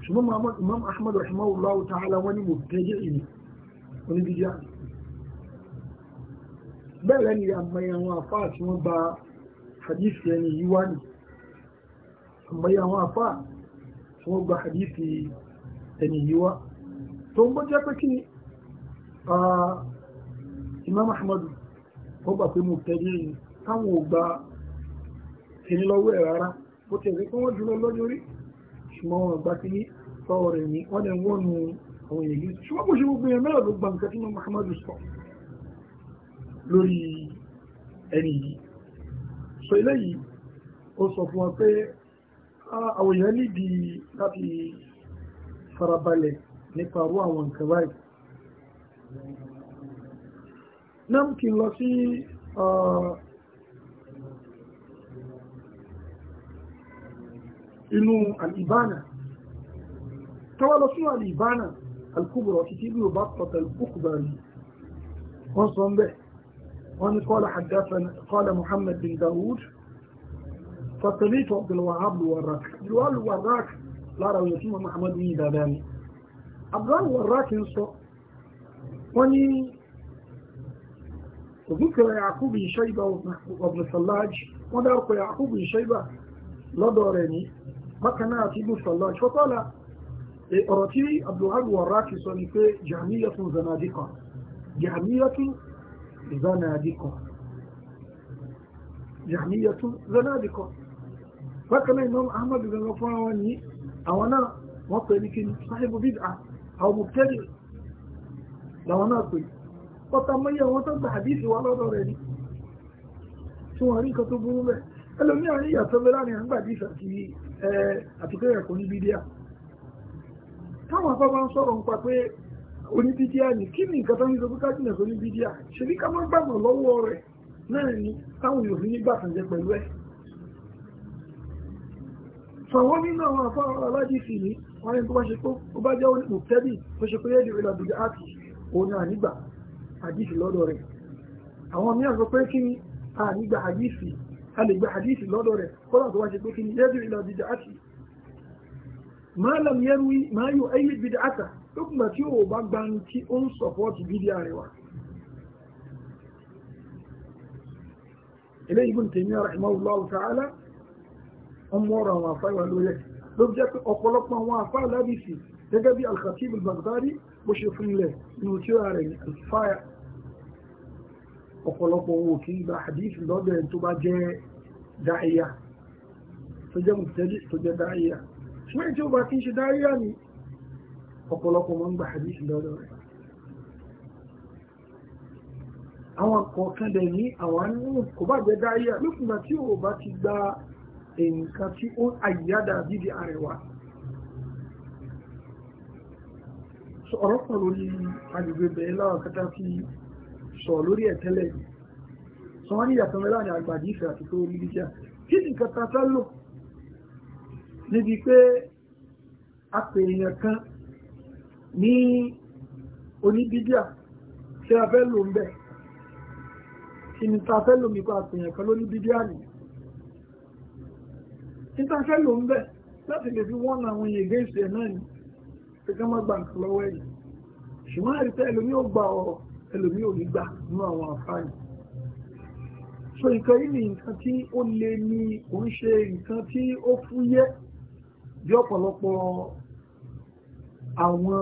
ṣùgbọ́n imam ahmed rahimahullah ta'ala wọ́n ni mo gẹ́gẹ́ ìní oníbíjá bẹ́ẹ̀rẹ̀ ni àmàyà àwọn àfáà tí wọ́n bá hadithi ẹni yìí wá ní àmàyà àwọn àfáà tí wọ́n bá hadithi ẹni yìí wá tó ń bọ́ jẹ́ pé kí ah, imam ahmed ó gbà pé mo tẹ̀lé yìí e. káwọn ò gba kìíní lọ́wọ́ ẹ̀ rárá bó ti ẹ̀sẹ̀ kí wọ́n jùlọ lọ́jọ́ rí ṣùgbọ́n wọn gba kìíní sọ̀rọ̀ rẹ̀ ní wọ́n dẹ̀ ń wọ́nu àwọn èèyàn yìí ṣùgbọ́n kò ṣe gbogbo yẹn mẹ́rẹ̀ ló gba nǹkan tí wọ́n Muhammadu sọ lórí ẹni yìí sọ eléyìí ó sọ fún wọn pé àwọn èèyàn nídìí láti farabalẹ̀ nípa irú àwọn nǹkan báyìí نمكن لفي آه إنو الإبانة كما لسوا الإبانة الكبرى تتبعوا بطة الأكبر وصنبع وأن قال حدثنا قال محمد بن داود فطريت عبد الوهاب الوراك الوهاب الوراك لا رأي محمد بن داداني عبد الوهاب الوراك ينصر وني وذكر يعقوب بن شيبة وابن الثلاج ودارك يعقوب بن شيبة لا دورني ما كان ابن الثلاج فقال أرتي عبد الوهاب والراكي صنفي جهمية زنادقة جهمية زنادقة جهمية زنادقة فكان الإمام أحمد بن غفواني أو أنا وقت لكن صاحب بدعة أو مبتدئ لو أنا أقول pọtamọ́yé àwọn tó gba àdíìsì wa lọ́dọ̀ rẹ̀ ni tí wọ́n rí nǹkan tó burú bẹ́ẹ̀ ẹlòmí àwọn ìyàtọ̀ bẹ́ẹ̀ láàrin àgbà àdíìsì àti àtúkẹ́ ẹ̀kọ́ ní bídíà táwọn afọ́ bá ń sọ̀rọ̀ pé ni kí ni nǹkan tó ń sọ pé kájínà ní bídíà ṣe bí ká má gbàgbọ́ lọ́wọ́ rẹ̀ náà ni táwọn nínú àwọn ni hadith lọ́dọ̀ rẹ̀ àwọn mìíràn sọ pé kí ni a ní gba hadith a lè gba hadith lọ́dọ̀ rẹ̀ kọ́lá tó wá ṣe pé kí ni yẹ́dù ìlà bìdà àti máa lam yẹ́rùí máa yóò ayé bìdà àtà tó kùnà tí ó bá gba ní tí ó ń sọ̀pọ̀tì bídíà rẹ̀ wá. eléyìí gẹ́gẹ́ bí al-Khatib bó ṣe fún ilẹ̀ nínú tí ó rẹ̀ ní alfáà ọ̀pọ̀lọpọ̀ owó kí ìgbà hadith lọ́dọ̀ ẹ̀ tó bá jẹ́ dáìyà tó jẹ́ mùtẹ́lì tó jẹ́ dáìyà ṣùgbọ́n tí ó bá kí ń ṣe dáìyà ni ọ̀pọ̀lọpọ̀ máa ń gba hadith lọ́dọ̀ rẹ̀ àwọn kọ̀ọ̀kan dẹ̀ ní àwọn nínú kò bá jẹ́ sọ̀rọ̀ lórí ẹ̀ tẹ́lẹ̀ yìí sọ wọ́n ní ìyàtọ̀ mẹ́lá ní àgbàdì ìfẹ́ àti tó rí níjà kí ni nǹkan ta fẹ́ lò níbi pé apèèyàn kan ní oníbíjà tí a fẹ́ lò ń bẹ̀ kí ni ta fẹ́ lò mí pa apèèyàn kan lóníbíjà nìyí títà fẹ́ lò ń bẹ̀ láti lè fi wọ́n àwọn èèyàn gẹ́ẹ̀sì ẹ̀ náà ni pé ká má gba nǹkan lọ́wọ́ ẹ̀yìn ṣùgbọ́n àìsẹ́ ẹlòmí ò gba ọ̀rọ̀ ẹlòmí ò ní gbà nínú àwọn àǹfààní so nǹkan yìí ni nǹkan tí ó le ní kò ń ṣe nǹkan tí ó fúyẹ́ bí ọ̀pọ̀lọpọ̀ àwọn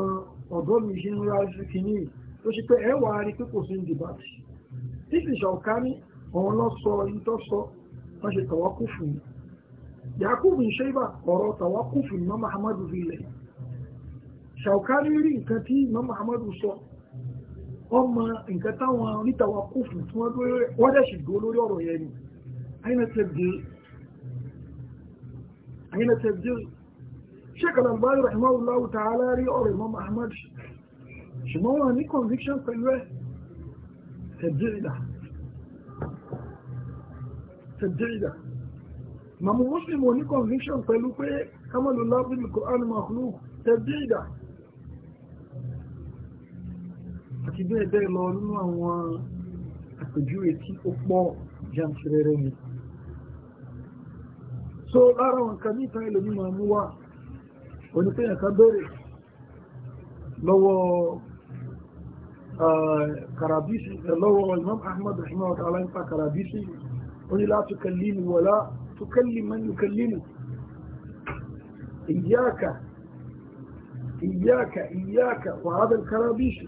ọ̀dọ́ mi ṣe ń ra iṣu kìíní tó ṣe pé ẹ wà á rí pé kò sí dìbàtì títí ṣọ̀ká ní ọ̀hún lọ sọ ìtọ́sọ wọ́n ṣe tàwákùfù ní yakubu ń ṣe ibà ọ̀rọ̀ tàwákùfù ní mọ́ mahamadu fi lẹ̀ ṣọ̀ká ní rí nǹkan tí mọ́ mahamadu sọ so wọ́n mọ nǹkan táwọn onítàwọn kófù tí wọ́n dúró wọ́n dẹ̀ sì dúró lórí ọ̀rọ̀ yẹn ni àyínà tẹ̀bdìl ṣẹ́kàlà báyìí rahimahullahu ta'ala rí ọ̀rọ̀ imam ahmad ṣùgbọ́n wọn ní conviction pẹ̀lú ẹ̀ tẹ̀bdìl ìdá tẹ̀bdìl ìdá mamu muslim wọn ní conviction pẹ̀lú pé kamalu lábìlì kò ánìmọ̀ kúlù tẹ̀bdìl àti bẹ́ẹ̀ bẹ́ẹ̀ lọ nínú àwọn àpèjúwe tí ó pọ̀ jàǹtìrẹrẹ ni so lára wọn kan níta ẹlòmí máa mú wá onípẹ̀yàn kan bẹ̀rẹ̀ lọ́wọ́ karabisi lọ́wọ́ imam ahmad rahimahu ta'ala nípa karabisi ó ní la tukallimu wala tukallim man yukallimu iyaka iyaka iyaka wa hadha al-karabisi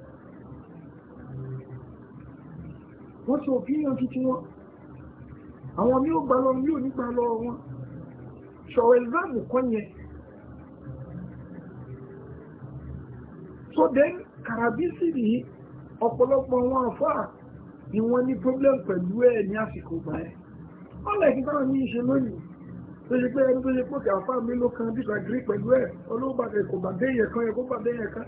wọ́n ti opinion títí wọn àwọn mí ò gbà lọ mí ò ní gbà lọ wọn ṣọ̀rọ̀ ìlànà kọ́ yẹn so then kàràbísì ni ọ̀pọ̀lọpọ̀ wọn àfáà ni wọ́n ní problem pẹ̀lú ẹ̀ ní àsìkò gbà ẹ̀ wọ́n lẹ̀ kí báwọn ní í ṣe lónìí tó ṣe pé ẹni tó ṣe pòkè àfáà mi ló kan bí kò agree pẹ̀lú ẹ̀ olóògbà kò bàbá èèyàn kan yẹ kó bàbá èèyàn kan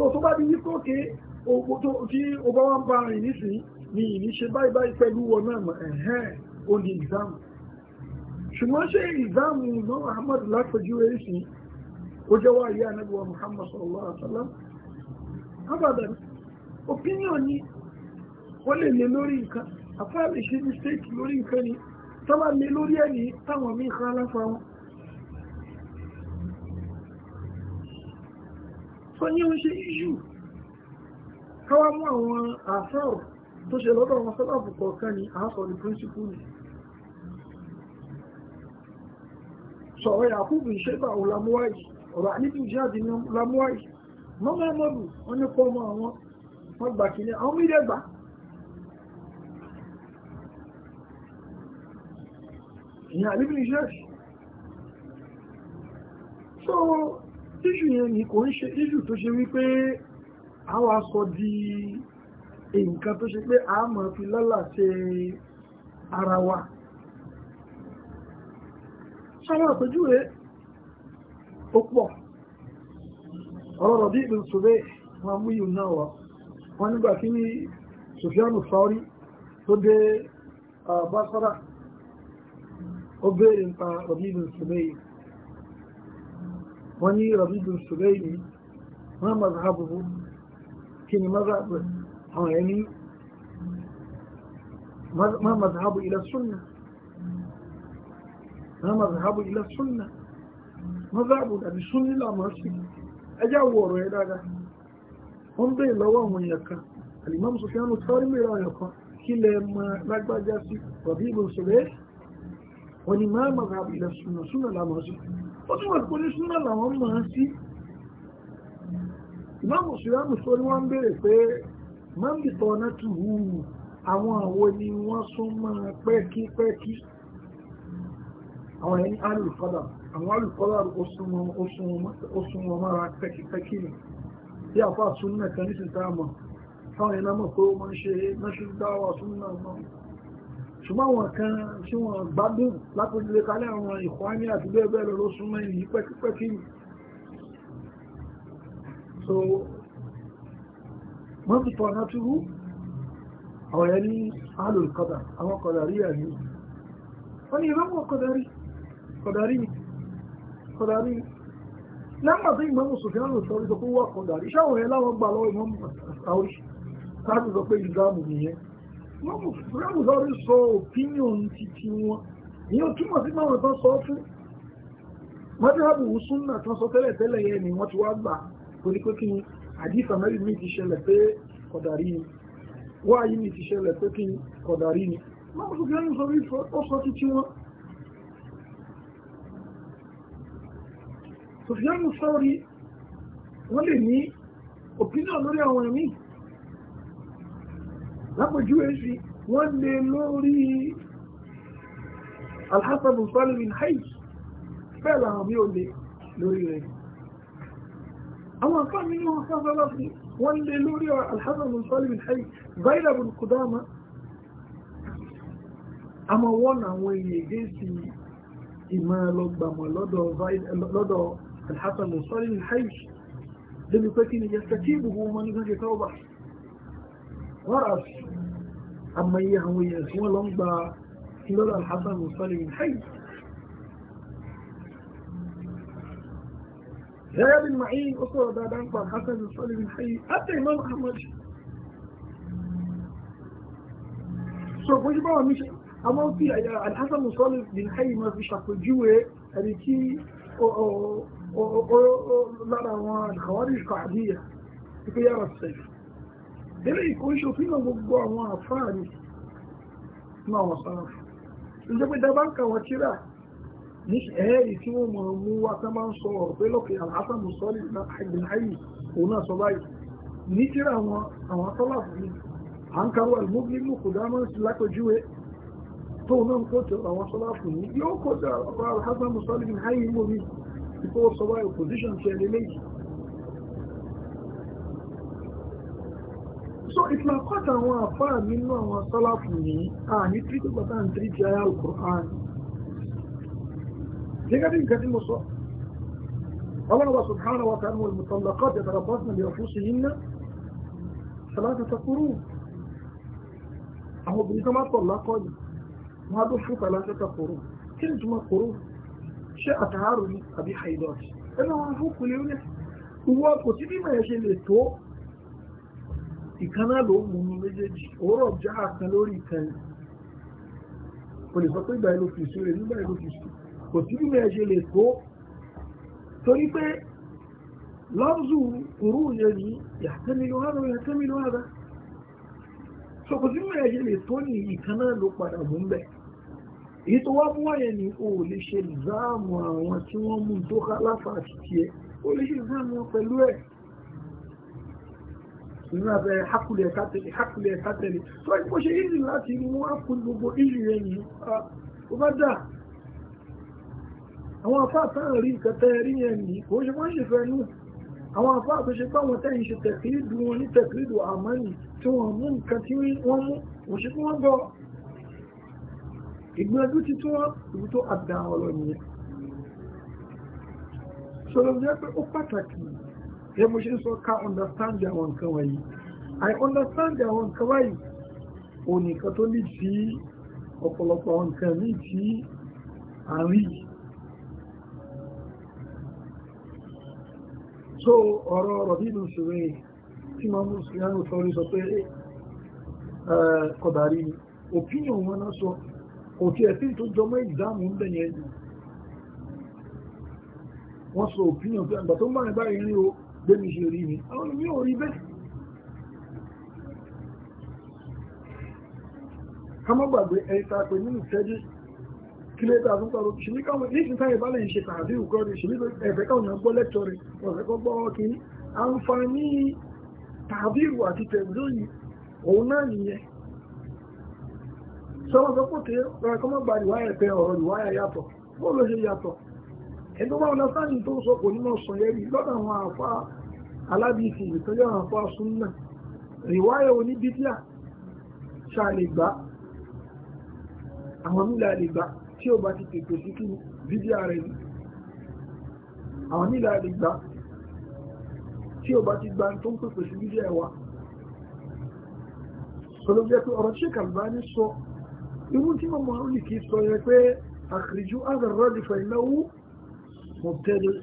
so tó bá bí yí kó ké tí o bá wá bá rìn nísìnyí ni ìníṣe báyìí báyìí pẹ̀lú wọn náà mọ̀ ẹ̀hẹ́n ó ní ìzámù ṣùgbọ́n ṣe ìzámù náà ahmad lápẹjú èsì ó jẹ́ wá ìyá anábíwá muhammad sallallahu alaihi wasallam abadan opinion ni wọ́n lè lè lórí nǹkan àfáà lè ṣe mistake lórí nǹkan ni tọ́ba lè lórí ẹni táwọn míì kan aláfa tó ní ó ń ṣe iṣu káwá mú àwọn àfáàrù tó ṣe lọ́dọ̀ àwọn sọ́láàbù kọ̀ọ̀kan ni àásọ̀ ní píríncípù ni sọ̀rọ̀ yakubu ìṣẹ́gbà olamuwayi ọ̀rọ̀ àníbi jáde ní olamuwayi mọ́mọ́ ẹmọ́dù wọ́n ní kọ́ ọmọ àwọn wọ́n gbà kí ní àwọn mílẹ̀ gbà ìyẹn àníbi ìṣẹ́ṣì iṣu yẹn ni kò ń ṣe iṣu tó ṣe wípé àwọn aṣọ di nǹkan tó ṣe pé a mọ̀ fi lọ́là ṣe ara wa ṣáwọn àpèjúwe ó pọ̀ ọ̀rọ̀ rọ̀bí ìlú ṣùgbẹ́ wọn mú yìí náà wá wọn nígbà tí ní Sufyanu Sauri tó dé uh, Basra ó béèrè nípa rọ̀bí ìlú ṣùgbẹ́ yìí وني ربيع بن سليمي ما مذهبه كني مذهب يعني ما مذهب إلى السنة ما مذهب إلى السنة مذهب إلى السنة لا مرسي أجاور إلى هذا هم لو لواهم يكا الإمام سفيان الثوري لا يكا كلا ما لقى جاسي ربيع بن سليم وني ما مذهب إلى السنة سنة لا مرسي ó túnmọ̀ sí oníṣúná làwọn mọ̀ ọ́n sí ìmáàmù ṣùgbọ́n sọ ni wọ́n ń béèrè pé mọ́ǹbìtọ̀ ọ̀nà tù wù àwọn àwo ni wọ́n sún mọ́ pẹ́kípẹ́kí àwọn ẹni alùfọ́dà àwọn alùfọ́dà ó sún wọn mọ́ra pẹ́kípẹ́kí ni bí àfáà sún náà nísìnyí táwọn ẹni mọ̀ pé ó máa ń ṣe náṣúdáwà sún ṣùgbọ́n àwọn kan tí wọ́n gbádùn lápòjúlé kalẹ̀ àwọn ìkwáni àti bẹ́ẹ̀ bẹ́ẹ̀ lọ súnmọ́ yìí pẹ́kípẹ́kí so wọ́n ti tọ́ ọ̀nà túrú ọ̀rẹ́ ní alùkọ́dà àwọn kọ̀dàrí ẹ̀mí wọ́n ni ìrọ́mọ̀ kọ̀dàrí kọ̀dàrí kọ̀dàrí lẹ́mọ̀ tí ìmọ̀ sòfin àwọn ìsọ̀rí sọ pé wọ́n kọ̀dàrí ṣáwọn ẹ̀ láwọn gbà lọ́wọ́ Rọ́mù sọ́rí sọ opinion títí wọn. sọ ni wọ́n ti wá gbà torí pé kí ni ti ṣẹlẹ̀ pé kọ̀dàrí ni. Wáyé mi ti ṣẹlẹ̀ pé ni kọ̀dàrí ni. Rọ́mù sọ́rí sọ wípé títí wọn. Sọ̀fíàmù sọ́rí wọ́n lè lápòjúwé sí wọ́n lè lórí alhassabu solomon hayes bẹ́ẹ̀ làwọn bí ó lè lórí rẹ̀ àwọn afáàmì ní wọn sáfẹ́ lọ́sí wọ́n lè lórí alhassabu solomon hayes zaira bin kudama a ma wọ́n àwọn èèyàn gẹ́ẹ̀sì ìmọ̀ lọ́gbàmọ̀ lọ́dọ̀ alhassabu solomon hayes débi pé kí ni yẹ ورأس أما هي هوية اسمها لمضة لولا الحسن والصالح من حي ذهب المعين أسرة بعد الحسن والصالح من حي حتى إمام أحمد سوف يجب مش أما في الحسن والصالح من حي ما في شخص جوه هذيكي يعني أو أو أو أو أو لا لا الخوارج قاعدية في يا السيف eléyìí kò ń ṣòfin náà gbogbo àwọn àfáà náà wọ́n sára fún un jẹ́ pé dábàǹkà wọ́n tíra ní ẹ̀ẹ́rì tí wọ́n mọ̀ mú wá tán ń sọ ọ̀rọ̀ pé lókè àlàáfà mùsọ́lì náà àgbìn ayì òun náà sọ báyìí ní tíra so ìfìlàpàtà àwọn àfáà nínú àwọn sálàfù yìí a ní tírítì pàtà ní tírítì ayé alukur'an gẹ́gẹ́ bí nǹkan tí mo sọ ọlọ́run subhanahu wa ta'ala wal mutallaqat yatarabbasna bi anfusihinna thalathata quru' àwọn obìnrin tó máa tọ̀ lákọ́ yìí wọ́n á ló fún thalathata quru' kí ni ni àbí haidọ́ọ̀tì ẹ̀rọ àwọn fún kùlé ó ní ìwọ kò sí bí màá ìkan náà ló mú mi méjèèjì òórọ̀ já àkan lórí ìkan kò lè sọ pé ìgbà ìlú fi ìṣúre nígbà ìlú fi ìṣúre kò sí bí mẹ́ ṣe lè kó torí pé lọ́rùzù kúrú yẹ ní yàtẹ́mílò hádà yàtẹ́mílò hádà so kò sí bí ṣe lè tó ní ìkan ló padà mú bẹ́ẹ̀ èyí tó wá mú wáyẹ̀ ni o lè ṣe záàmù àwọn tí wọ́n mú tó ká láfa àti tiẹ̀ o lè ṣe záàmù pẹ̀lú ẹ̀ ìrìn abẹ́rẹ́ hákùlẹ̀ ẹ̀ka tẹ̀lé hákùlẹ̀ ẹ̀ka tẹ̀lé tó wáyé kó ṣe easy láti inú wọn á kó gbogbo easy rẹ̀ yìí ó bá dà àwọn afá táwọn rí nǹkan tẹ́ rí yẹn ní kò ṣe wọ́n ṣe fẹ́ nù àwọn afá tó ṣe pé àwọn tẹ́yìn ṣe tẹ̀kìrìdù wọn ní tẹ̀kìrìdù àmọ́nì tí wọ́n mú nǹkan tí wọ́n mú kò ṣe kí wọ́n bọ̀ ìgbìyànjú ti tún wọn ìlú tó àdá ọ̀rọ̀ nìyẹn sọlọ́ọ̀ jẹ́ pé ó pàtàkì sai mu shi so ka understand àwọn nǹkan wọ̀nyí i understand àwọn nǹkan wọ̀nyí òní kan tó lè fi ọ̀pọ̀lọpọ̀ àwọn nǹkan míì tí à ń rí so ọ̀rọ̀ ọ̀rọ̀ nínú ìṣòro tí ma mú sùúrù sọ́rí sọ pé kọ̀dàrí eh, ni opinion wọn náà sọ kò tí ẹ̀ sí tó jọmọ́ ìdáàmú ń bẹ̀yẹn wọ́n sọ opinion pé àgbà tó máa báyìí rí o gbémi ṣe rí mi àwọn ìmí ò rí bẹ́ẹ̀ ká má gbàgbé ẹni tá a pè ní ìtẹ́jú kí lè ta àtúntà ló ṣe ní káwọn ní ìsìn táyé balẹ̀ ìṣe tàbí ìkọ́ rẹ̀ ṣe ní ẹ̀fẹ́ káwọn èèyàn gbọ́ lẹ́tọ̀ rẹ̀ ọ̀fẹ́ kọ́ gbọ́ kìíní àǹfààní ẹ̀dọ́ bá wọn sáàni tó sọ kò ní mọ̀ sọ yẹn rí lọ́dọ̀ àwọn àfa alábìsì ìtọ́jú àwọn àfa súnmọ́ rìwáyà oníbídíà ṣàlègbà àwọn nílẹ̀ àlègbà tí ó bá ti tètè sí kí bídíà rẹ̀ ni àwọn nílẹ̀ àlègbà tí ó bá ti gba tó ń pèpè sí bídíà wa sọlọ́ pé ọ̀rọ̀ Sheikh Albani sọ irú tí mo mọ̀ ọ́ kí sọ yẹ pé àkìrìjú azàrọ́dì fẹ̀yìnlẹ́wọ́ mo tẹ́lẹ̀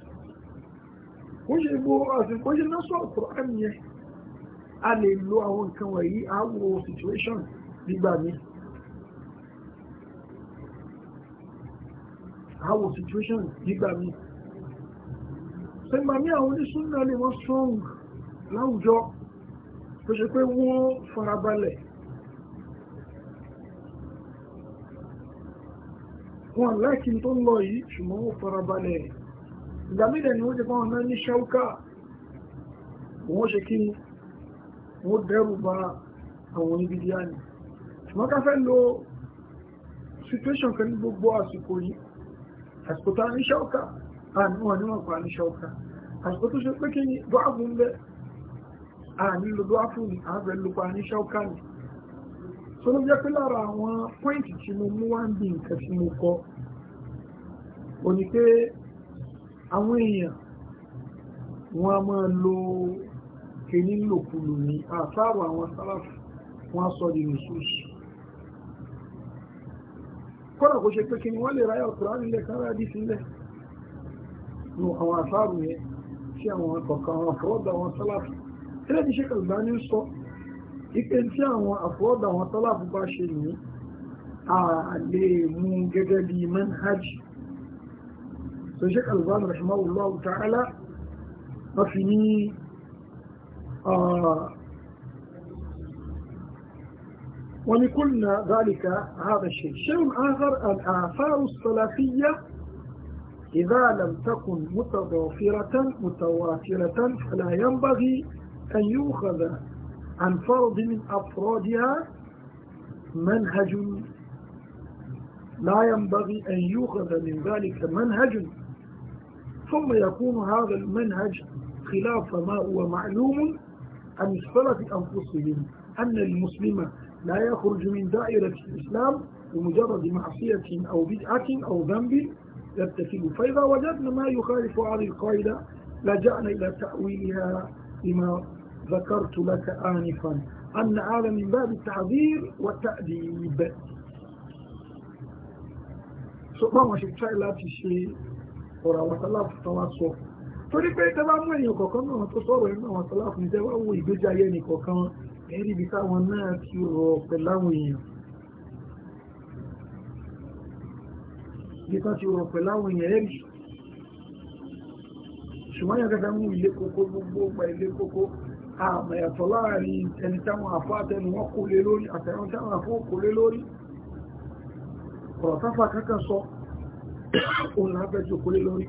kó ṣe bó ọ̀sìn kó ṣe náà sọ Al-Qur'an yẹn a lè lo àwọn nǹkan wọ̀nyí àwọ̀ situation nígbà mi àwọ̀ situation nígbà mi sẹ́gbà ní àwọn oníṣúná lè wọ́n strong láwùjọ tó ṣe pé wọ́n farabalẹ̀ wọn láìkí tó ń lọ yìí ṣùgbọ́n wọ́n farabalẹ̀ ìgbàmílẹ̀ ni ó jẹ́ fáwọn náà ní ṣáúká wọ́n ṣe kí wọ́n dẹ́rù bá àwọn oníbìdí àní ṣùgbọ́n ká fẹ́ lo situation kan ní gbogbo àsìkò yìí àsìkò tá ní ṣáúká àníwọ̀n níwọ̀n pa ní ṣáúká àsìkò tó ṣe pé kí ni dọ́àbù ń bẹ́ àní lo dọ́àbù ni àbẹ̀ lo pa ní ṣáúká ni tó ló jẹ́ pé lára àwọn pọ́ìntì tí mo mú wá ń bí nǹkan tí mo kọ òní pé àwọn èèyàn wọ́n a máa lo kìíní lòkulò ní àtàrò àwọn sáláfù wọ́n a sọ di nìsúsù kọ́nà kò ṣe pé kí ni wọ́n lè ráyà ọ̀tọ̀rọ̀ nílẹ̀ kan ráyà dìí sílẹ̀ nù àwọn àtàrù yẹn tí àwọn kọ̀ọ̀kan àwọn àfọwọ́dà àwọn sálàfù tẹ́lẹ̀ ní ṣẹ́kà ìgbà ní sọ ipe tí àwọn àfọwọ́dà àwọn sálàfù فشيخ الباني رحمه الله تعالى وفي آه ولكل ذلك هذا الشيء شيء آخر الآثار السلفية إذا لم تكن متضافرة متوافرة فلا ينبغي أن يؤخذ عن فرد من أفرادها منهج لا ينبغي أن يؤخذ من ذلك منهج ثم يكون هذا المنهج خلاف ما هو معلوم عن السلف أنفسهم أن المسلم لا يخرج من دائرة الإسلام بمجرد معصية أو بدعة أو ذنب يرتكب فإذا وجدنا ما يخالف هذه القاعدة لجأنا إلى تأويلها لما ذكرت لك آنفا أن هذا من باب التعذير والتأديب سبحان الله ọ̀rọ̀ àwọn sálàfù tán wá sọ torí pé tẹ́ bá mú èèyàn kọ̀ọ̀kan náà tó sọ̀rọ̀ nínú àwọn sálàfù ní tẹ́ bá wo ìgbésí ayé ẹnì kọ̀ọ̀kan ẹ̀rí ibi táwọn náà ti rọ̀ pẹ̀lú àwọn èèyàn ibi tán ti rọ̀ pẹ̀lú àwọn èèyàn ẹ̀rí ṣùgbọ́n yàtọ̀ fẹ́ mú ilé kókó gbogbo gba ilé kókó àmà ẹ̀tọ́ láàrin ẹni táwọn àfọ́ àtẹnu wọn kò lé lórí àtẹnu táwọn àfọ́ kò lé lórí ọ̀rọ̀ táfà kankan sọ òun là ń fẹ́ jókòó lé lórí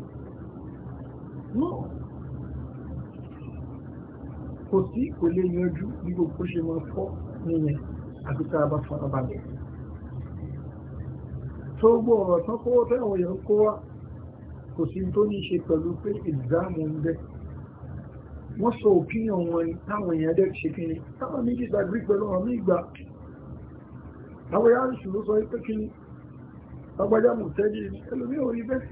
no kò sí kò lè yanjú bí gbogbo ṣe máa fọ́ nìyẹn àti tá a bá farabalẹ̀ tó gbọ́ ọ̀rọ̀ tán kó tẹ́wọ̀n yẹn kó wá kò sí tó ní ṣe pẹ̀lú pé ìdáàmú ń bẹ wọ́n sọ òpinion wọn ni táwọn èèyàn dẹ̀ ṣe kí ni táwọn méjì dàgbé pẹ̀lú ọ̀rọ̀ ní ìgbà àwọn yàrá ìṣòro sọ pé kí ni agbájá mùtẹ́dì ni ẹlòmí ò rí bẹ́ẹ̀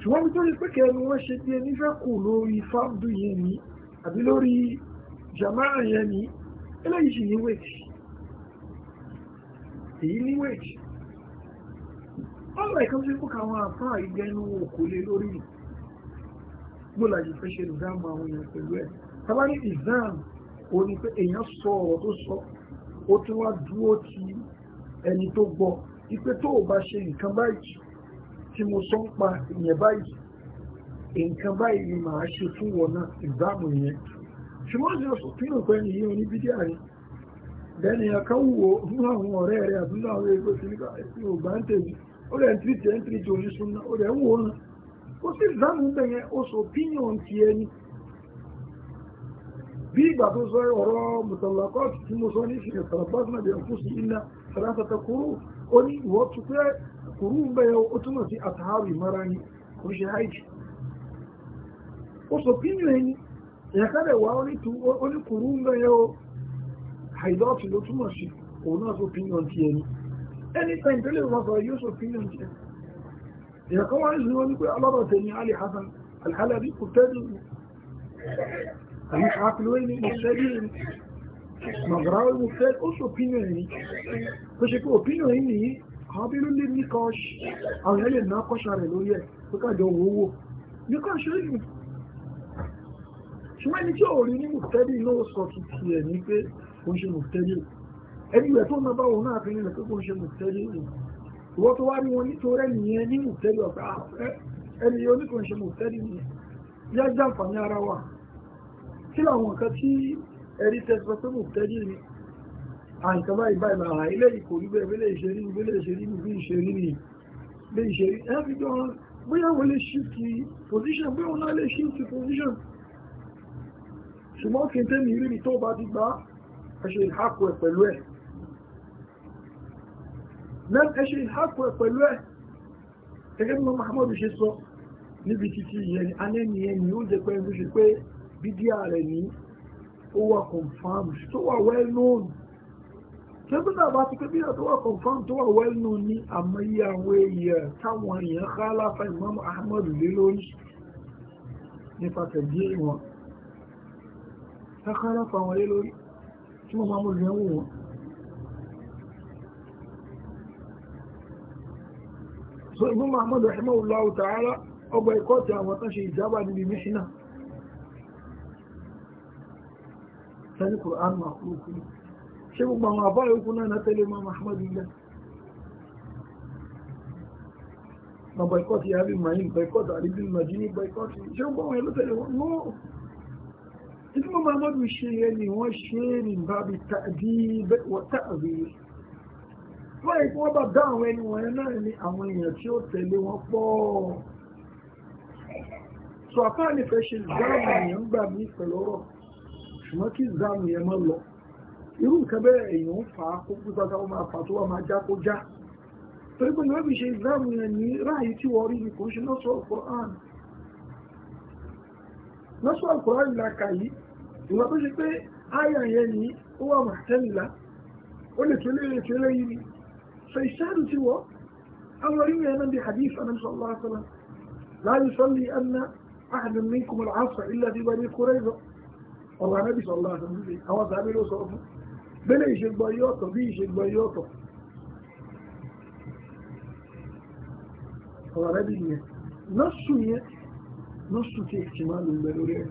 ṣùgbọ́n mi tó rí pé kẹnu wọ́n ṣe bí ẹni fẹ́ kù lórí fáàbù yẹn ni àbí lórí jamaa yẹn ni eléyìí sì ní wéètì èyí ní wéètì ọ̀rọ̀ ẹ̀kan tó kó káwọn afá ìgbẹ́nu òkú lé lórí gbọ́dọ̀ àti fẹ́ ṣe ìdáàmú àwọn èèyàn pẹ̀lú ẹ̀ tábà ní ìdáàmú ò ní pé èèyàn sọ ọ̀rọ̀ tó sọ ó tún wá dúró ti ẹni tó gbọ́ ipe tó o bá ṣe nǹkan báyìí tí mo sọ ń pa ìyẹn báyìí nǹkan báyìí ni màá ṣe fún wọn náà ìbámu yẹn ṣùgbọ́n ìjọ sọ̀tún òpẹ́ ni yíyan ní bídíà ni lẹ́ni ẹ̀ka wùwọ́ fún àwọn ọ̀rẹ́ rẹ̀ àbúrò àwọn ẹgbẹ́ tí ní ọgbà ń tèmi ó rẹ̀ ń tìrìtì ẹ̀ ń tìrìtì oníṣun náà ó rẹ̀ ń wò náà ó sì ìbámu bẹ̀ ó sọ opinion ti ẹni bí ìgbà tó sọ ọ̀rọ̀ mùtàlákọ́ọ̀tì tí mo sọ ní ìṣẹ̀lẹ̀ sàràbọ́sùn ó ní ìwọ́ tún pé kùrú ń bẹ̀yẹ ó túnmọ̀ sí àtàárù ìmọ́ra ni kò ṣe àìjì ó sọ pínlẹ̀ ẹni ìyàkálẹ̀ wà ó ní kùrú ń bẹ̀yẹ ó àìdọ́ọ̀tì ló túnmọ̀ sí òun náà sọ pínlẹ̀ ti ẹni ẹni tẹ́ ìtẹ́lẹ̀ wọn sọ yóò sọ pínlẹ̀ ti ẹni ìyàkọ́ wọn ní wọn ní pé ọlọ́rọ̀ tẹ̀mí Ali Hasan Al-Halabi kò tẹ́lẹ̀ Mọ̀gàrá ìwò fẹ́ ó sọ opinion yìí. Tó ṣe pé opinion yìí nìyí, àwọn bí ló lè ní kọ́ṣ, àwọn yẹn lè ná kọ́ṣà rẹ̀ lórí ẹ̀ tó kájọ wò wò. Ní kọ́ ṣe yìí. Ṣùgbọ́n ẹni tí ò rí ní mùtẹ́bí ló sọ tuntun ẹ̀ ní pé kò ń ṣe mùtẹ́bí. Ẹni rẹ̀ tó máa bá òun náà fi ń lẹ̀ pé kò ń ṣe mùtẹ́bí. Ìwọ tó wá rí wọn ni. Yá jàǹfààní ara wa. Kí làwọn nǹkan tí ẹ̀rí tẹ́sọ tó mú tẹ́rí ni àǹkàbá ìbáyìí máa ilé ìkò rí bẹ́ẹ̀ bẹ́lẹ̀ ìṣerí ní bẹ́lẹ̀ ìṣerí ní bí ìṣerí ní bí ìṣerí ẹ̀fí tó hàn bóyá wọ́n lè shift position bóyá wọ́n náà lè shift position ṣùgbọ́n kí n tẹ́ mi rí ni tó bá ti gbá ẹ̀ṣẹ̀ ìhákò ẹ̀ pẹ̀lú ẹ̀ lẹ́n ìhákò ẹ̀ pẹ̀lú ẹ̀ gẹ́gẹ́ bí Muhammadu ṣe sọ níbi títí ìyẹn alẹ́ nìyẹn ni ó jẹ́ pé Who are confirmed? Who are well known tẹ́gbẹ́nà bá ti kébí tó wà confam tó wà well known ní àmọ́yé àwọn èèyàn táwọn èèyàn ká láfa Imam Ahmad lé lórí nípasẹ̀ díẹ̀ wọn ká láfa wọn lé lórí tí wọ́n máa mú lè wò wọ́n. so Imam Ahmad rahimahullahu ta'ala ọgbà ẹ̀kọ́ ti àwọn tó ṣe ìjábà níbi mẹ́ṣínà tẹ́lẹ̀ Kùránù àfúrufú ṣé gbogbo àwọn àbá yòókù náà náà tẹ́lẹ̀ máa Muhammad ilẹ̀ na boycott ya bi mayin boycott àríbí Madini boycott ṣé gbogbo àwọn ẹlọ́tẹ̀lẹ̀ wọn náà títí mọ́ Muhammad ṣe yẹ ni wọ́n ṣe ní bábi tàbí wọ́tà rí wọ́n yìí wọ́n bá dá ṣe ìgbà àwọn èèyàn gbà ṣùgbọ́n kí ìzáàmù yẹn mọ́ lọ irú nǹkan bẹ́ẹ̀ èèyàn ń fà á kó púpọ̀ tó máa fà tó wà máa já kó já torí pé ìwọ́n fi ṣe ìzáàmù yẹn ní ráàyè tí wọ́n rí ni kò ń ṣe lọ́sọ̀ alukur'an lọ́sọ̀ alukur'an la kà yìí ìwọ́n tó ṣe pé àyà yẹn ni ó wà ọ̀rọ̀ anábì sọ̀rọ̀ láti mú sí àwọn sàábí ló sọ fún bẹ́lẹ̀ ìṣègbọ́ yóò tọ̀ bí ìṣègbọ́ yóò tọ̀ ọ̀rọ̀ anábì yẹn lọ́sùn yẹn lọ́sùn tí èsì máa lò lẹ́nu rẹ̀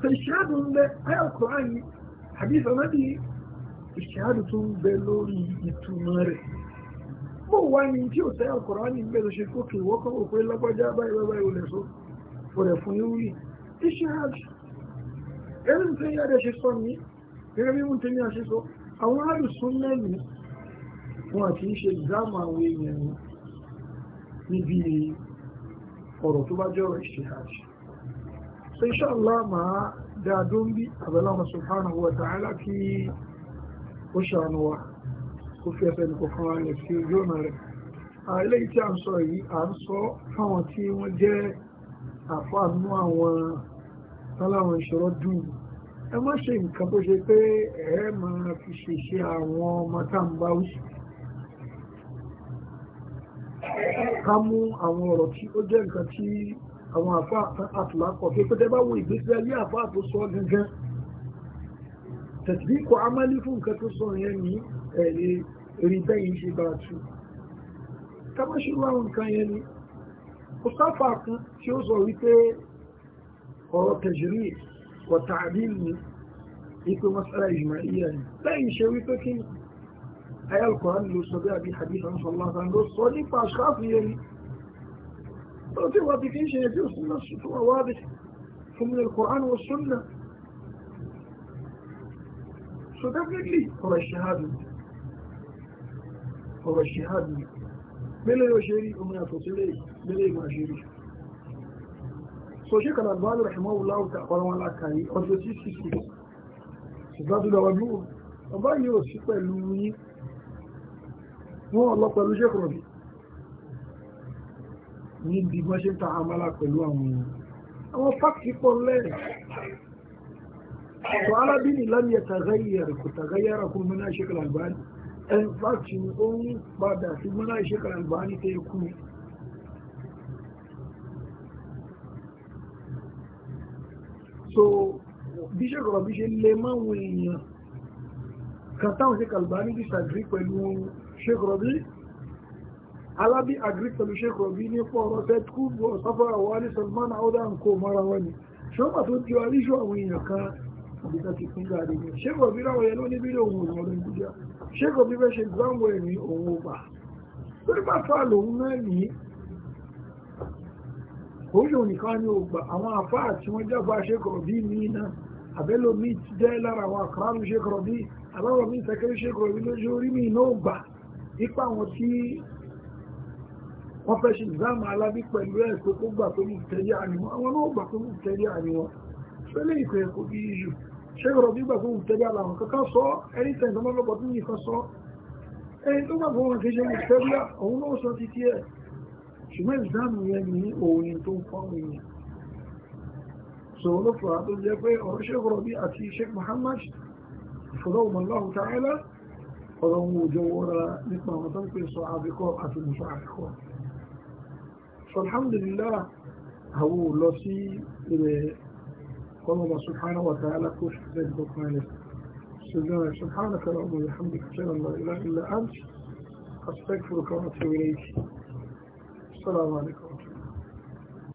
sọ ìṣáàdù ń bẹ ayé ọkọ̀ ayé àdìsọ nábì ìṣáàdù tó ń bẹ lórí mo wá ní tí ò sẹ́yà ọkọ̀ ayé ń bẹ ṣe kókè wọ́kọ̀ òpin lọ́gbọ́já báyìí báyìí olè so olè fún yóò rí ìṣáàdù ẹ̀rùn tó yá rẹ̀ ṣe sọ ní gẹ́gẹ́ bí wọ́n tó ní àṣẹ sọ àwọn àrùsùn lẹ́nu wọn àti ń ṣe ìdáàmà àwọn èèyàn níbi ọ̀rọ̀ tó bá jọrọ̀ ìṣèhàj so inshallah máa dáadó ń bí àbẹ̀láwà subhanahu wa ta'ala ó ṣàánú wa kó fi ẹsẹ̀ nìkan kan rẹ̀ sí ojú ọ̀nà rẹ̀ eléyìí tí a ń sọ yìí à ń sọ fáwọn tí wọ́n jẹ́ àfáànú àwọn láwọn ìṣòro dùn ẹ má ṣe nǹkan bó ṣe pé ẹ máa fi ṣèṣe àwọn ọmọ tá ń bá wí ká mú àwọn ọ̀rọ̀ tí ó jẹ́ nǹkan tí àwọn àfa àtùlákọ̀ pé pété bá wo ìgbésí ayé àfa tó sọ gangan tẹ̀sí kọ amálí fún nǹkan tó sọ yẹn ní ẹ̀rẹ́ rí bẹ́yìn ṣe bá tu ká má ṣe wá nǹkan yẹn ni ó sáfà kan tí ó sọ wípé وهو تجريد وتعديل يكون مسألة إجماعية لا يشوي فكين أي القرآن يستطيع صدق بحديث عن صلى الله عليه وسلم صدق أشخاص يعني فأنت واضحين شيء يجوز النص هو واضح من القرآن والسنة So لي هو الشهادة هو الشهادة بلا يشيري وما يتصلي بلا ما يشيري so ṣe kàlà bá lọ́rọ̀ ṣùgbọ́n wùlá òkè àkọ́rọ̀ wọn lákàáyé ọjọ́ tí sì sì ṣùgbọ́n tó lọ́wọ́ dúró ọba yìí ò sí pẹ̀lú yín wọ́n lọ pẹ̀lú ṣe kọ̀rọ̀ bí níbi wọ́n ṣe ń ta àmàlà pẹ̀lú àwọn èèyàn àwọn fáàkì pọ̀ lẹ́yìn to arabin so bí ṣe rọ̀rọ̀ bí ṣe lè máwọn èèyàn kan táwọn ṣe Albani disagree pẹ̀lú Sheikh Rabi alábí agree pẹ̀lú Sheikh ní pọ̀rọ̀ tẹ́tkú bọ̀ sáfàrà wà ní Salman auda n mara wọn ni ṣọ́pàá tó ti wà níṣù àwọn èèyàn kan àbíká ti fún gáàdì ní Sheikh Rabi ráwọ̀ yẹn ló ní bí òun ọ̀rọ̀ ìgbìyà Sheikh fẹ́ ṣe gbáwọ̀ ẹ̀mí òun ọba oúnjẹ òníkan ni ó gbà àwọn àfáà tí wọ́n jágbá ṣékọ̀rọ̀ bí mi náà àbẹ́lò mi ti jẹ́ lára àwọn àkàránù ṣékọ̀rọ̀ bí àbẹ́lò mi sẹ́kẹ́rẹ́ ṣékọ̀rọ̀ bí lójú orí mi náà gbà ipa wọn tí wọ́n fẹ́ ṣe ìzáàmù alábí pẹ̀lú ẹ̀ pé kó gbà pé mú tẹ̀lé àníwọ̀n àwọn náà gbà pé mú tẹ̀lé àníwọ̀n fẹ́lẹ̀ ìpẹ́ kò bí iṣu ṣẹ́gbọ̀rọ̀ bí gbà pé mú tẹ̀lé àlàwọn kankan sọ ẹni tẹ̀sán mọ́lọ́pọ̀ tó nìkan sọ ẹni tó gbà pé wọn tẹ̀lé àwọn náà sọ ti tiẹ̀ ṣùgbọ́n ìsìláàmù yẹn ní òun tó ń fọ́nwé yẹn sọ̀rọ̀ ló fà á tó jẹ́ pé ọ̀rọ̀ Sheikh Rabi àti Sheikh Muhammad fọlọ́wọ́mọláhùn ta'ala ọ̀rọ̀ wọn ò jọ wọ́ra nípa àwọn tó ń pè sọ àbíkọ́ àti musa àbíkọ́ alhamdulillah àwọn ò lọ sí ilẹ̀ ọlọ́mọ subhanahu wa ta'ala kó fi fẹ́ gbọ́kàn rẹ̀ سبحانك سبحانك اللهم وبحمدك اشهد ان لا اله الا انت استغفرك واتوب اليك 本来嘛。